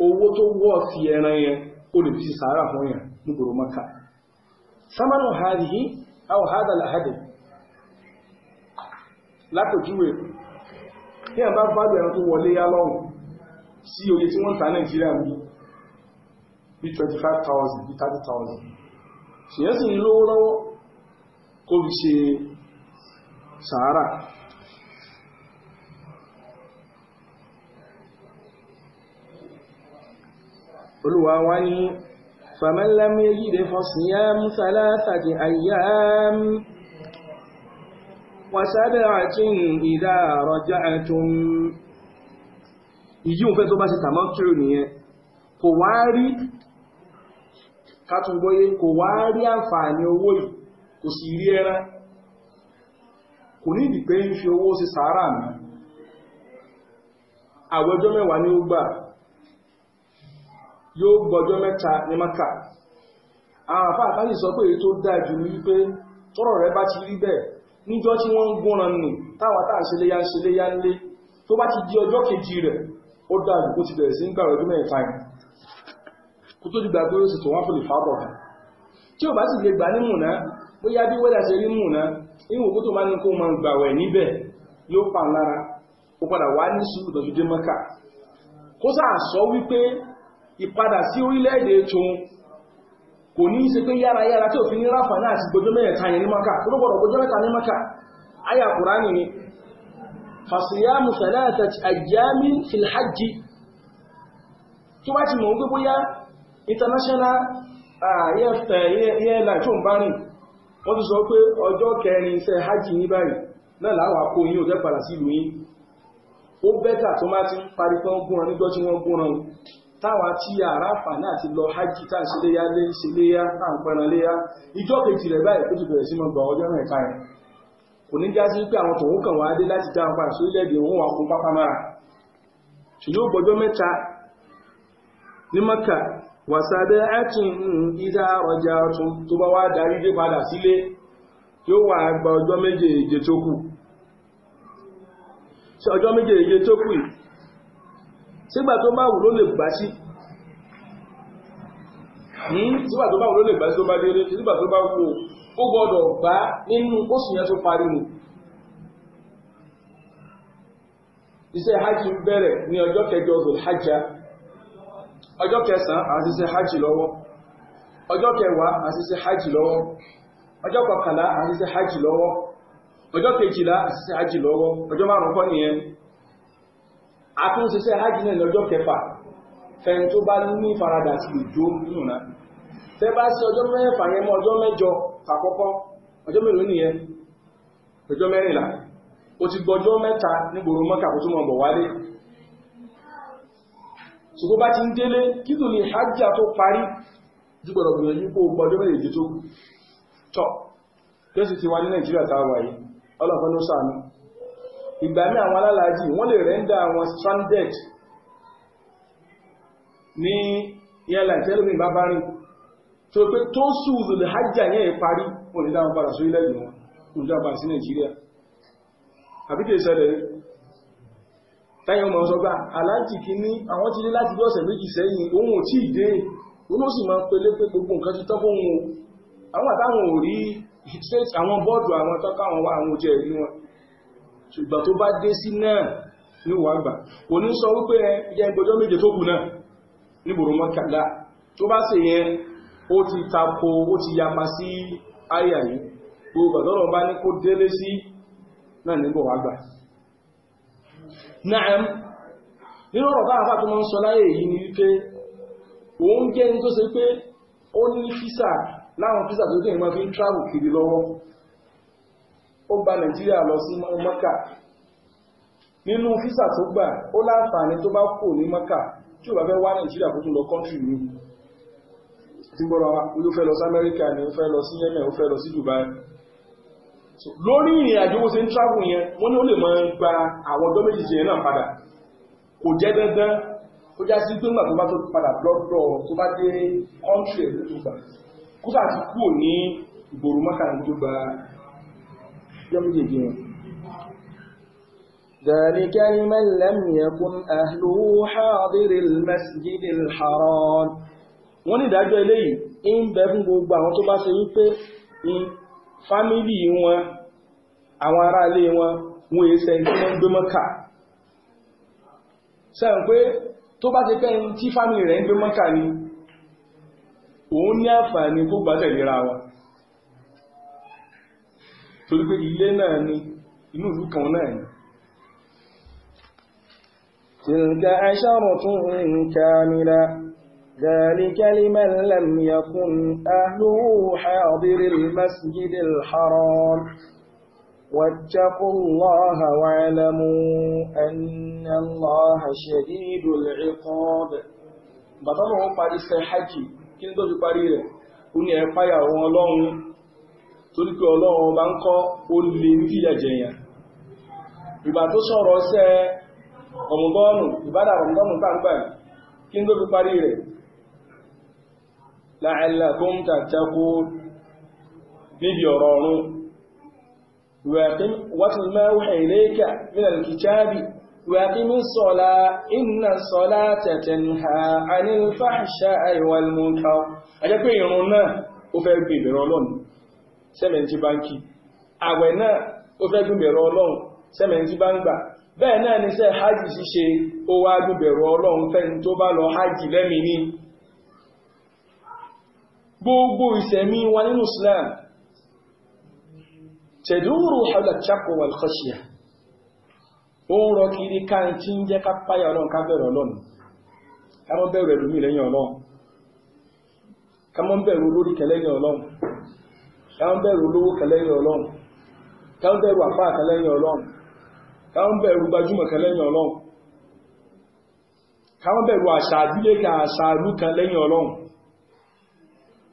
Speaker 1: owó tó wọ́ sí ẹran yẹn ó lè fi sàárà fún yẹn nígboro maka samanu hadihi aw hadal hadi lápòjúwe tí ẹ̀ bá fàájú ẹran tó wọlé yá lọ́rùn sí oye tí wọ́n ta nàìjíríà ní bí 25,000 bí 30,000 ṣìyẹ́ sì ní lówó lọ́wọ́ kó fi ṣe sàárà olùwà wá ní fàmẹ́lẹ́mẹ́yìí lè fọ́ síyá mú sálásàkì àyíyá mú وسبعة إذا رجعتم ìyí òun fẹ́ tó bá ṣe tàmọ́tìrì nìyẹn kò wá rí kátùngbóyé kò wá rí àǹfààní owó yìí kò sì rí ẹran kò ní ìdí pé ń fi owó ṣe sàárà mi àwẹjọ́ mẹ́wàá ní ó gbà yóò gbọjọ́ mẹ́ta ní maka àwọn àfáà sọ pé èyí tó dáa jù ní wípé tọ́rọ̀ rẹ bá ti rí bẹ́ẹ̀ níjọ́ tí wọ́n ń gúnran nù táwa tá à ń ṣeléyá ń ṣeléyá ńlé tó bá ti di ọjọ́ kejì rẹ̀ ó dá àgbègbè ti bẹ̀rẹ̀ sí ń gbà ọdún mẹ́ta yìí kó tó dìgbà pé ó sì tó wọ́n fòlè fábọ̀ rẹ̀ tí ò bá sì lè gbà ní mùnà bóyá bí wẹ́dà ṣe rí mùnà ìwò kó tó máa ní kó máa gbà wẹ̀ níbẹ̀ yóò pa lára ó padà wá ní sùúrù tó dé mọ́kà kó sáà sọ wípé ìpadà sí orílẹ̀-èdè tòun kò ní í ṣe pé yára yára tí òfin ní ráfà náà ti gbójó mẹ́ta ní maka tó gbọ́dọ̀ gbójó mẹ́ta ní maka aya kùránì ni fasiyamu salata ajami filhaji tó bá ti mọ̀ ń gbogbo ya international airline tó ń bá rìn wọ́n ti sọ pé ọjọ́ kẹrin iṣẹ́ hajji ní báyìí náà láwà kó yín ò jẹ́ padà sí ìlú yín ti parí táwa tí ara àǹfààní àti lọ hajj tá à ń ṣeléyá lé ṣeléyá tá à ń pẹran léyá ìjọ kejì rẹ̀ báyìí ó ti bẹ̀rẹ̀ sí mọ́ gbọ̀n ọjọ́ náà ẹ̀ka yẹn kò ní já sí pé àwọn tòun kàn wá dé láti dá wọn padà sórílẹ̀-èdè wọn wà kún pápá mára ṣùgbọ́n gbọ́jọ́ mẹ́ta ní mọ́kà wàsàdẹ́ ẹ̀tùn ìdá ọjà ọ̀tún tó bá wá darí dé padà sílé yóò wà gba ọjọ́ méjèèje tó tó kù sígbà tó bá wù ló lè gbà sí hmm? sígbà tó bá wù ló lè gbà sí tó bá délé sígbà tó bá wù ó nínú oṣù yẹn tó parí mu iṣẹ́ hajj bẹ̀rẹ̀ ní ọjọ́ kẹjọ ọdún ọjọ́ kẹsàn-án àti iṣẹ́ hajj lọ́wọ́ ọjọ́ kẹwàá àti iṣẹ́ hajj lọ́wọ́ ọjọ́ kọkànlá àti iṣẹ́ hajj lọ́wọ́ ọjọ́ kejìlá àti iṣẹ́ àtúnṣiṣẹ́ ha náà lọ́jọ́ kẹfà fẹ́ni tó bá ní farada sí ìjó nùnà tẹ́ bá sí ọjọ́ mẹ́fà yẹn mọ́ ọjọ́ mẹ́jọ àkọ́kọ́ ọjọ́ mélòó nìyẹn ọjọ́ mẹ́rìnlá o ti gbọ́jọ́ mẹ́ta nígboro mọ́kà kó tó mọ̀ bọ̀ wálé ṣùgbọ́n bá ti ń délé kí tó ní hajj tó parí jùgbọ̀rọ̀ gbìyànjú kó gbọ́jọ́ mẹ́rìnlá tó sì ti ìgbà ní àwọn alálàájì wọ́n lè rẹ́ńdà àwọn stranded ní airline tẹ́lómi bàbá rìn tó pé tó sùúrù lè hajjá yẹn parí wọn lè dáwọn padà sórí lẹ́yìn wọn olùdá padà sí nàìjíríà àbí kìí ṣẹlẹ̀ rí táyọ̀ mọ̀ sọ́gbà aláàjì kì ní àwọn ti dé láti bí ọ̀sẹ̀ méjì sẹ́yìn òun ò tí ì dé òun ó sì máa pelé pé gbogbo nǹkan ti tọ́ fóun o àwọn àtàwọn ò rí àwọn bọ́ọ̀dù àwọn tọ́ka àwọn wa àwọn ojú ẹ̀rí wọn ṣùgbọ́n tó bá dé sí náà ní wà gbà kò ní sọ wípé yẹn gbọjọ́ méje tó kù náà níbòrò mọ́kànlá tó bá ṣe yẹn ó ti tako ó ti yapa sí àyà yìí gbogbo ọ̀dọ́rọ̀ bá ní kó délé sí náà níbò wà náà nínú ọ̀rọ̀ bá àbá tó máa ń sọ láyé yìí ni wípé òun jẹ́ ní tó ṣe pé ó ní físà láwọn físà tó dé ìmọ̀ fi ń travel kiri lọ́wọ́ ó gba nàìjíríà lọ sí mọ́kà nínú físà tó gbà ó láǹfààní tó bá kò ní mọ́kà tí ò bá fẹ́ wá nàìjíríà kó tún lọ kọ́ńtì mi tí gbọ́dọ̀ ó fẹ́ lọ sí amẹ́ríkà ni ó fẹ́ lọ sí yemen ó fẹ́ lọ sí dubai lórí ìrìn àjò bó ṣe ń travel yẹn wọ́n ní ó lè máa gba àwọn ọjọ́ méjìjì yẹn náà padà kò jẹ́ dandan ó já sí pé nígbà tó bá tó padà lọ́dọ̀ tó bá dé country ẹ̀ ló tó gbà kó sà ní ìgboro mọ́kà ní tó gba jọ méjèèjì ذلك لمن لم يكن أهله حاضر المسجد الحرام wọ́n ní ìdájọ́ eléyìí ń bẹ fún gbogbo àwọn tó bá ṣe wípé fámílì wọn àwọn aráalé wọn wọn èsẹ tí wọ́n ń gbé mọ́kà sẹ́yìn pé tó bá ti pẹ́yìn tí fámílì rẹ̀ ń gbé mọ́kà ni òun ní àǹfààní tó gbàtẹ̀lera wọn torí pé ilé náà ni inú ìlú kan náà ni تلك عشرة كاملة ذلك لمن لم يكن أهله حاضر المسجد الحرام واتقوا الله واعلموا أن الله شديد العقاب بطلعوا قد السيحكي كنتو بقريرة كن يقايا ولون torí pé ọlọ́run bá ń kọ́ ó lè ní fìyàjẹ yẹn ìgbà tó sọ̀rọ̀ ṣẹ́ ọmọdọ́nù ìbádà ọmọdọ́nù tàǹgbà kí n tó fi parí rẹ̀ la'allakum tattaqun níbi ọ̀rọ̀ ọ̀run wàtí mẹ́wàá ìrẹ́kà minal kitabi وأقم الصلاة إن الصلاة تنهى عن الفحشاء والمنكر أجل كي يرون أفعل بي برولون Sementi banki ń kí àwẹ̀ náà ó fẹ́ gbìbẹ̀rọ ọlọ́run bẹ́ẹ̀ náà sẹ́ hajj ṣíṣe ó wá gbìbẹ̀rọ ọlọ́run lọ hajj lẹ́mìí ní gbogbo ìṣẹ̀mí wa nínú Islam tẹ̀dúrù halachapo walkhashia ó ń rọ kiri ká ń tí ń jẹ́ ká páyà ọlọ́run ká bẹ̀rẹ̀ ọlọ́run ká mọ́ bẹ̀rẹ̀ lẹ́yìn ọlọ́run ká mọ́ káwọn bẹ̀rù olówó kẹlẹ́yìn ọlọ́run káwọn bẹ̀rù àfáà kẹlẹ́yìn ọlọ́run káwọn bẹ̀rù gbajúmọ̀ kẹlẹ́yìn ọlọ́run kan àṣà àlú kan lẹ́yìn ọlọ́run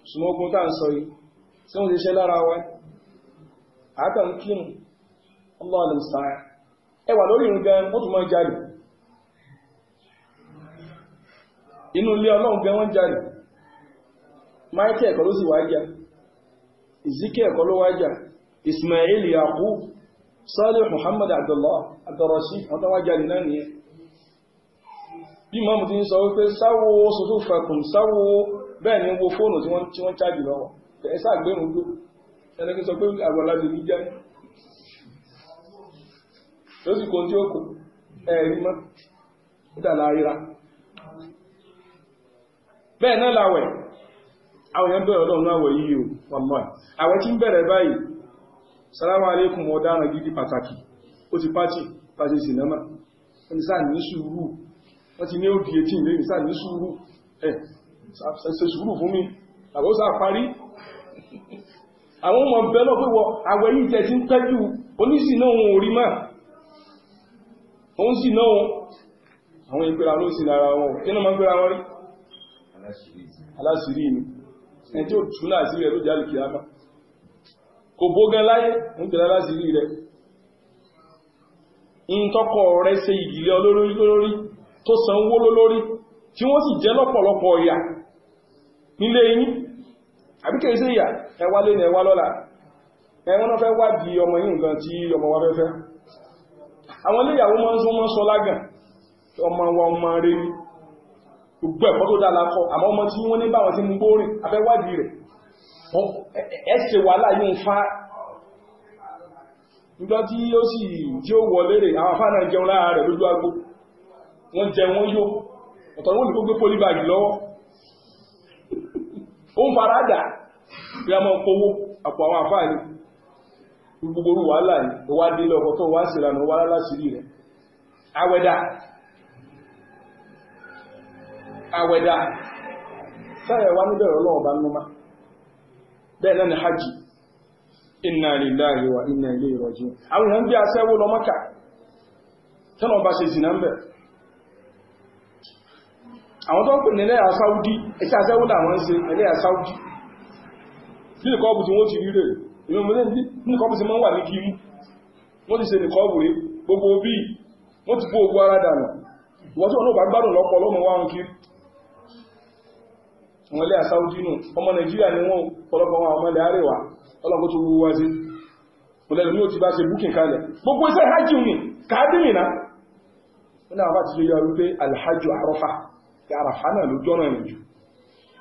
Speaker 1: sùmọ́gun tá à ń sọ yìí tí wọ́n ti ṣe lára wa àátà ń kírun ọlọ́ọ̀lù lórí nǹkan wọ́n tún máa inú ilé ọlọ́run gan wọ́n máìkì ẹ̀kọ́ ló sì wá jẹ́ Ezekiel kọ́ Ismail Yaqub Salih Muhammad Abdullah Abdulrasheed àwọn táwọn jáde bí mọ́mù ti ń sọ wípé sáwo sọ́tò fẹkùn sáwo bẹ́ẹ̀ ni wo fóònù tí wọ́n tí lọ́wọ́ ẹ sáàgbéhùn gbó sọ pé mi tí ó kù mọ́ dà bẹ́ẹ̀ náà làwẹ̀ àwọn èèyàn bẹ̀rẹ̀ ọlọ́run náà wọ̀ yìí o wallahi àwọn tí ń bẹ̀rẹ̀ báyìí salamu alaikum ọ̀daràn gidi pàtàkì ó ti pàtì pàtì sinama ẹni sáà ní sùúrù wọ́n ti ní ó di etí ìlé ìsáà ní sùúrù ẹ̀ ṣe sùúrù fún mi àwọn sáà parí àwọn ọmọ bẹ́lọ̀ pé wọ àwẹ̀ yìí tẹ̀ ti ń òun sì náà àwọn ìpèrà ló sì lára wọn kí náà máa ń pèrà wọn aláṣìírí ni ẹni tí ó tún náà sí rẹ ló jálù kí á má kò bógan láyé ń tẹ̀lé sí rí rẹ ìtọ́kọ̀ rẹ ṣe ìdílé olórí tó sanwó lórí tí wọ́n sì jẹ́ lọ́pọ̀lọpọ̀ ọ̀yà nílé yín àbíkẹ́ ìyà lé ní lọ́la ọmọ ọmọ wa àwọn iléyàwó máa ń sọ ọmọ wa gbogbo ẹ̀kọ́ tó dára kọ́ àmọ́ ọmọ tí wọ́n ní báwọn ti ń gbóòrìn abẹ́wádìí rẹ̀ ẹ̀ṣẹ̀ wàhálà yóò fa nígbà tí ó sì tí ó wọlé rẹ̀ àwọn afáànà jẹun lára rẹ̀ lójú agbó wọ́n jẹ wọ́n yó ọ̀tọ̀ wọn ní kó gbé pólíbàgì lọ́wọ́ ó ń fara dà bí a mọ́ kówó àpò àwọn àfáàní gbogbo wàhálà yìí wá délé ọkọ̀ tó wá sí ìlànà àwẹ̀dà sáyẹ̀ wá níbẹ̀rẹ̀ ọlọ́run bá númá bẹ́ẹ̀ náà ni hajj inna lillahi wa inna ilayhi raji'un àwọn èèyàn bí aṣẹ́wó lọ mọ́kà tọ́nà bá ṣe ìsìnà mbe. bẹ̀ àwọn tó ń pè ní ẹlẹ́yà sáúdí ẹ̀ṣẹ́ aṣẹ́wó làwọn ń ṣe ẹlẹ́yà sáúdí bí nìkọ́ọ̀bù tí wọ́n ti mo gbogbo ti ara àwọn ilẹ̀ Saudi nù ọmọ Nàìjíríà ni wọ́n pọ̀lọpọ̀ wọn ọmọ ilẹ̀ àríwá ọlọ́pọ̀ tó wúwá sí ọlẹ́lùmí ò ti bá ṣe búkìn kalẹ̀ gbogbo iṣẹ́ hajji mi kàádìmìnà ní àwọn àti ṣíyà wípé alhajju àrọ́fà ti àràfà náà ló jọ́nà ìrìnjù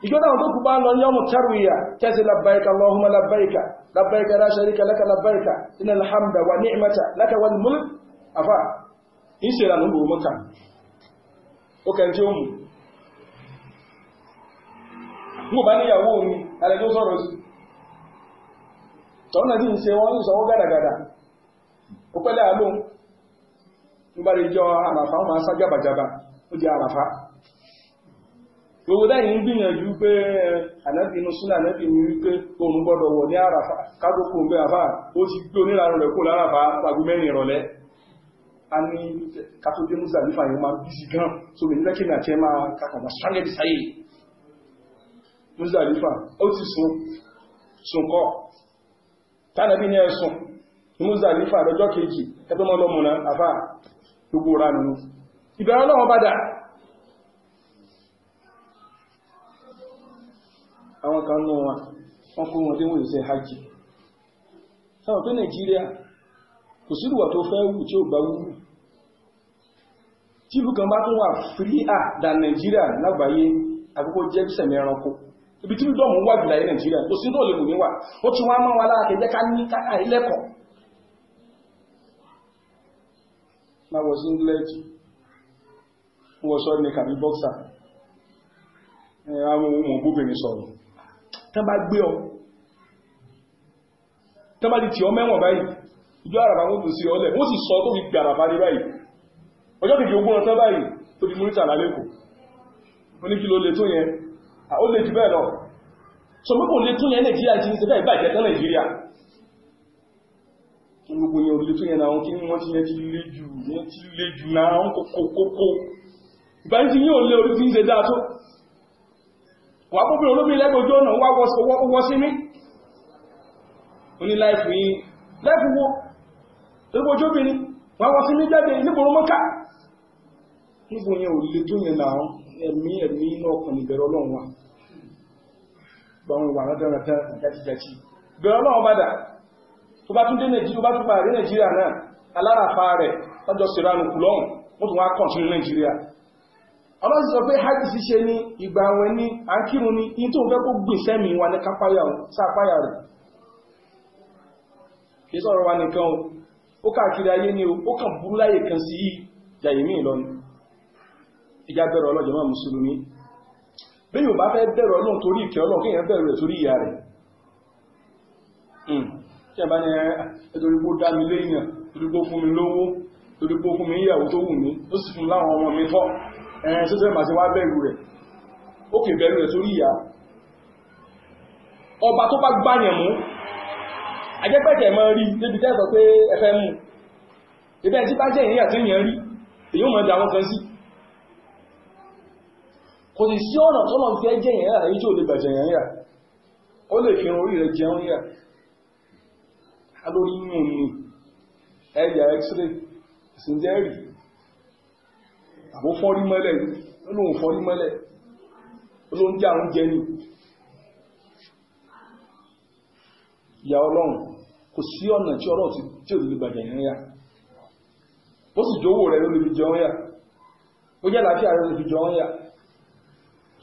Speaker 1: ìjọ́nà àwọn tó kú bá lọ ya tarwiya kẹsì labbaika allahumma labbaika labbaika la sharika laka labbaika ina alhamda wa ni'mata laka wal mulk afa in ṣe mọ́ta ó kẹ́ tí mo bá níyàwó mi alẹ́jọ́ sọ̀rọ̀ sí tọ́nà tí ń ṣe wọ́n ń sọ́wọ́ gàdàgàdà ó pẹ́lẹ́ àlóhun ní bá lè jọ àràfà ó máa sájà bàjàbà ó di àràfà gbogbo dáyìí ń gbìyànjú pé eh, ànábì inú súnà ànábì ní wípé òun gbọ́dọ̀ wọ̀ ní àràfà kágbókò ń bẹ àfà ó ti gbé onílànà rẹ̀ kó láràfà pàgbó mẹ́rin ìrọ̀lẹ́ a ní kátó dé musa nífàyàn máa bí gan so mi nílẹ́kìnà tẹ́ máa kàkàmà sálẹ̀ sáyé Muzdalifa ó ti sun sunkọ́ tánàbí ní ẹ̀sùn ní Muzdalifa lọ́jọ́ kejì ẹgbẹ́ mọ́ lọ́mùnà àfà gbogbo ra nínú ìbẹ̀rẹ̀ ọlọ́wọ́ padà àwọn kan náà wọn wọ́n kó wọn tí wọ́n ìṣẹ́ hajji sáwọn pé Nàìjíríà kò sílùwà tó fẹ́ wù tí ó gbá wù tí kan bá tún wà fríà dà ah, Nàìjíríà lágbàáyé àkókò jẹ́ sẹ̀mẹ̀ ẹranko ibi tí freedom wà jùlọ ayé nàìjíríà kò sí tó lè níwà ó ti wá mọ́ wa láàkẹ́ jẹ́ ká ní káà ilẹ́kọ̀ọ́ máa wọ̀ sí ńlẹ́ẹ̀tì wọ́n sọ ní kàbí bọ́ksà àwọn ohun ògbóbìnrin sọ̀rọ̀ tán bá gbé ọ tán bá di tí ọ mẹ́wọ̀n báyìí ìjọ àràbà wọ́n tún sí ọlẹ̀ wọ́n sì sọ tó fi gbé àràbà ní báyìí ọjọ́ kìkì ogún ọ̀tán báyìí tó fi múrítà lálẹ́kọ̀ọ́ oníkìlólè tó yẹn Ah, ó lè jù bẹ́ẹ̀ lọ so mú kò lè tún yẹn nàìjíríà ti ń ṣe bẹ́ẹ̀ bàjẹ́ tán nàìjíríà gbogbo yẹn ò lè tún yẹn náà kí wọ́n ti yẹn ti lé jù yẹn ti lé jù náà kókókókó ìgbà tí yẹn ò lé orí ti ń ṣe dáa tó wà kó bí olómi lẹ́gbẹ̀ẹ́jọ́ náà wá wọ́ sí mí oní láìfù yìí láìfù wo lẹ́gbẹ̀ẹ́jọ́ obìnrin wá wọ́ sí mí jáde nígboro mọ́ká níbo yẹn ò lè tún yẹn náà ẹ̀mí ẹ̀mí inú ọkàn ìbẹ̀rẹ̀ ọlọ́run wa gbọ́n wà lọ́dọ̀rọ̀tẹ́ jàtijàti bẹ̀rẹ̀ ọlọ́run bá dà tó bá tún dé nàìjíríà tó bá tún parí nàìjíríà náà alárafa rẹ̀ lọ́jọ́ sèrànù kùlọ́hùn ó tún wá kàn sí nàìjíríà ọlọ́run sọ pé hajj ṣíṣe ní ìgbà àwọn ẹni à ń kírun ní in tó ń fẹ́ kó ẹjá bẹ̀rọ ọlọ́jọ́ máa mùsùlùmí bí yóò bá fẹ́ bẹ̀rọ ọlọ́run torí ìkẹ́ ọlọ́run kéèyàn bẹ̀rù rẹ̀ torí ìyà rẹ̀ hmm. tí a bá ní eh, ẹtorí kó dá mi léèyàn torí kó fún mi lówó torí kó fún mi ìyàwó tó wù mí ó sì fún láwọn ọmọ mi fọ́ ẹ̀rẹ́ tó fẹ́ màá sí wá bẹ̀rù rẹ̀ ó kè bẹ̀rù rẹ̀ torí ọba tó bá gbáyàn mú ajẹ́pẹ̀tẹ̀ mọ́ rí débi tẹ́sọ pé ẹ mú ibẹ̀ tí bá jẹ́ ìyà tí èèyàn rí èyí ó mọ̀ kan sí kò sì sí ọ̀nà tọ́nà fi ẹ́ jẹ́ ìyẹn àyíjú ò lè bàjẹ́ ìyẹn yà ó lè fi orí rẹ̀ jẹun yà á lórí yún ni ẹ̀yà x-ray ìsìnjẹ́rì àbó fọ́rí mọ́lẹ̀ olóhùn fọ́rí mọ́lẹ̀ olóhùn jẹ́ àrùn jẹ́ ni ìyá ọlọ́run kò sí ọ̀nà tí ọlọ́run tí ò lè bàjẹ́ ìyẹn yà ó sì jówó rẹ̀ ló lè fi jẹun yà ó jẹ́ làáfíà rẹ̀ ló lè fi jẹun yà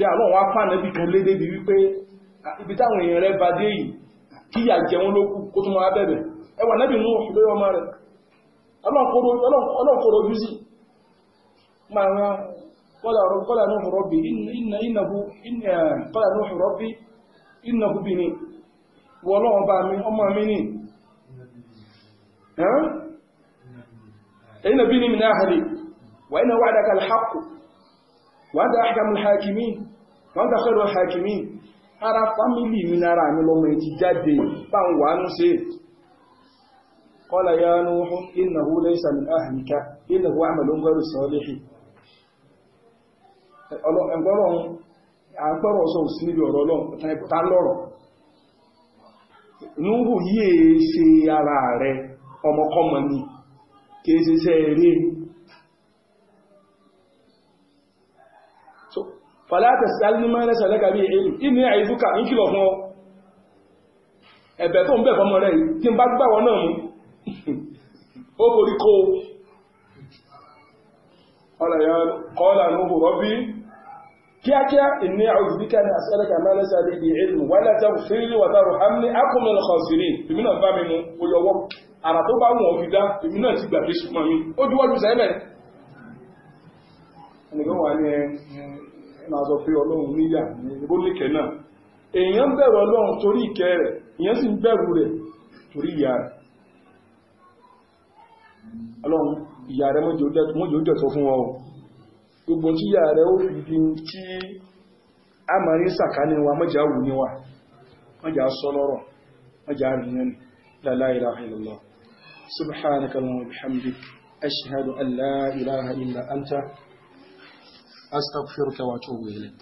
Speaker 1: pé àwọn wá fànàbí kan lédè bí wípé ibi táwọn èèyàn rẹ̀ bá yìí kí yà jẹun ló kú kó tó máa bẹ̀bẹ̀ ẹwà nábì nú lórí ọmọ rẹ̀ ọlọ́kọ̀ọ́rọ̀ ojú sí máa rán bí bá mi ọmọ mi ẹ̀yìn nàbí wa inna wa'daka al wà á dá àkàmù hakimi wọ́n dá fẹ́rọ hakimi ara fámílì mi nára mi lọ́mọ ẹ̀ ti jáde bá ń wà á nú sí kọ́lá ya Nuhu innahu laysa min ahlika innahu amalun ghayru salihin ẹ̀gbọ́rọ̀ àgbọ́rọ̀ sọ sí níbi ọ̀rọ̀ ta lọ́rọ̀ Nuhu yíè ṣe ara rẹ̀ ọmọkọ́mọ ni kìí ṣe ṣe eré fàlátà sàálì máa rẹ̀ sàlẹ́kà bí èlù inú àìzúkà ń kìlọ̀ fún ọ ẹ̀bẹ̀ tó ń bẹ̀ fọmọ rẹ̀ tí ń bá gbàwọ náà mú ó borí kó ọ̀là nóhù rọ́bí kíákíá inú àìzúkà ní àsàlẹ́kà máa rẹ̀ sàlẹ́ bí èlù wà látà fírí wà tàrù hamlé akọmọlẹ̀ kọ̀sìrì èmi náà bá ara tó bá wọn fi èmi náà ti gbà fi súnmọ́ mi ó juwọ́ sẹ́mẹ̀ ẹnìkan wà ní ẹ máa sọ pé ọlọ́run níyà ní ibó níkẹ́ náà èèyàn ń bẹ̀rù ọlọ́run torí ìkẹ́ rẹ̀ èèyàn sì ń bẹ̀rù rẹ̀ torí ìyà rẹ̀ ọlọ́run ìyà rẹ̀ mọ́jọ́ ó dẹ̀tọ́ fún wọn o gbogbo tí ìyà rẹ̀ ó fi di tí a máa rí sàkání wa mọ́jà wù ní wa mọ́jà sọ lọ́rọ̀ mọ́jà rìn yẹn la ilaha illallah subhanaka wa bihamdik ashhadu an la ilaha illa anta أستغفرك وأتوب إليك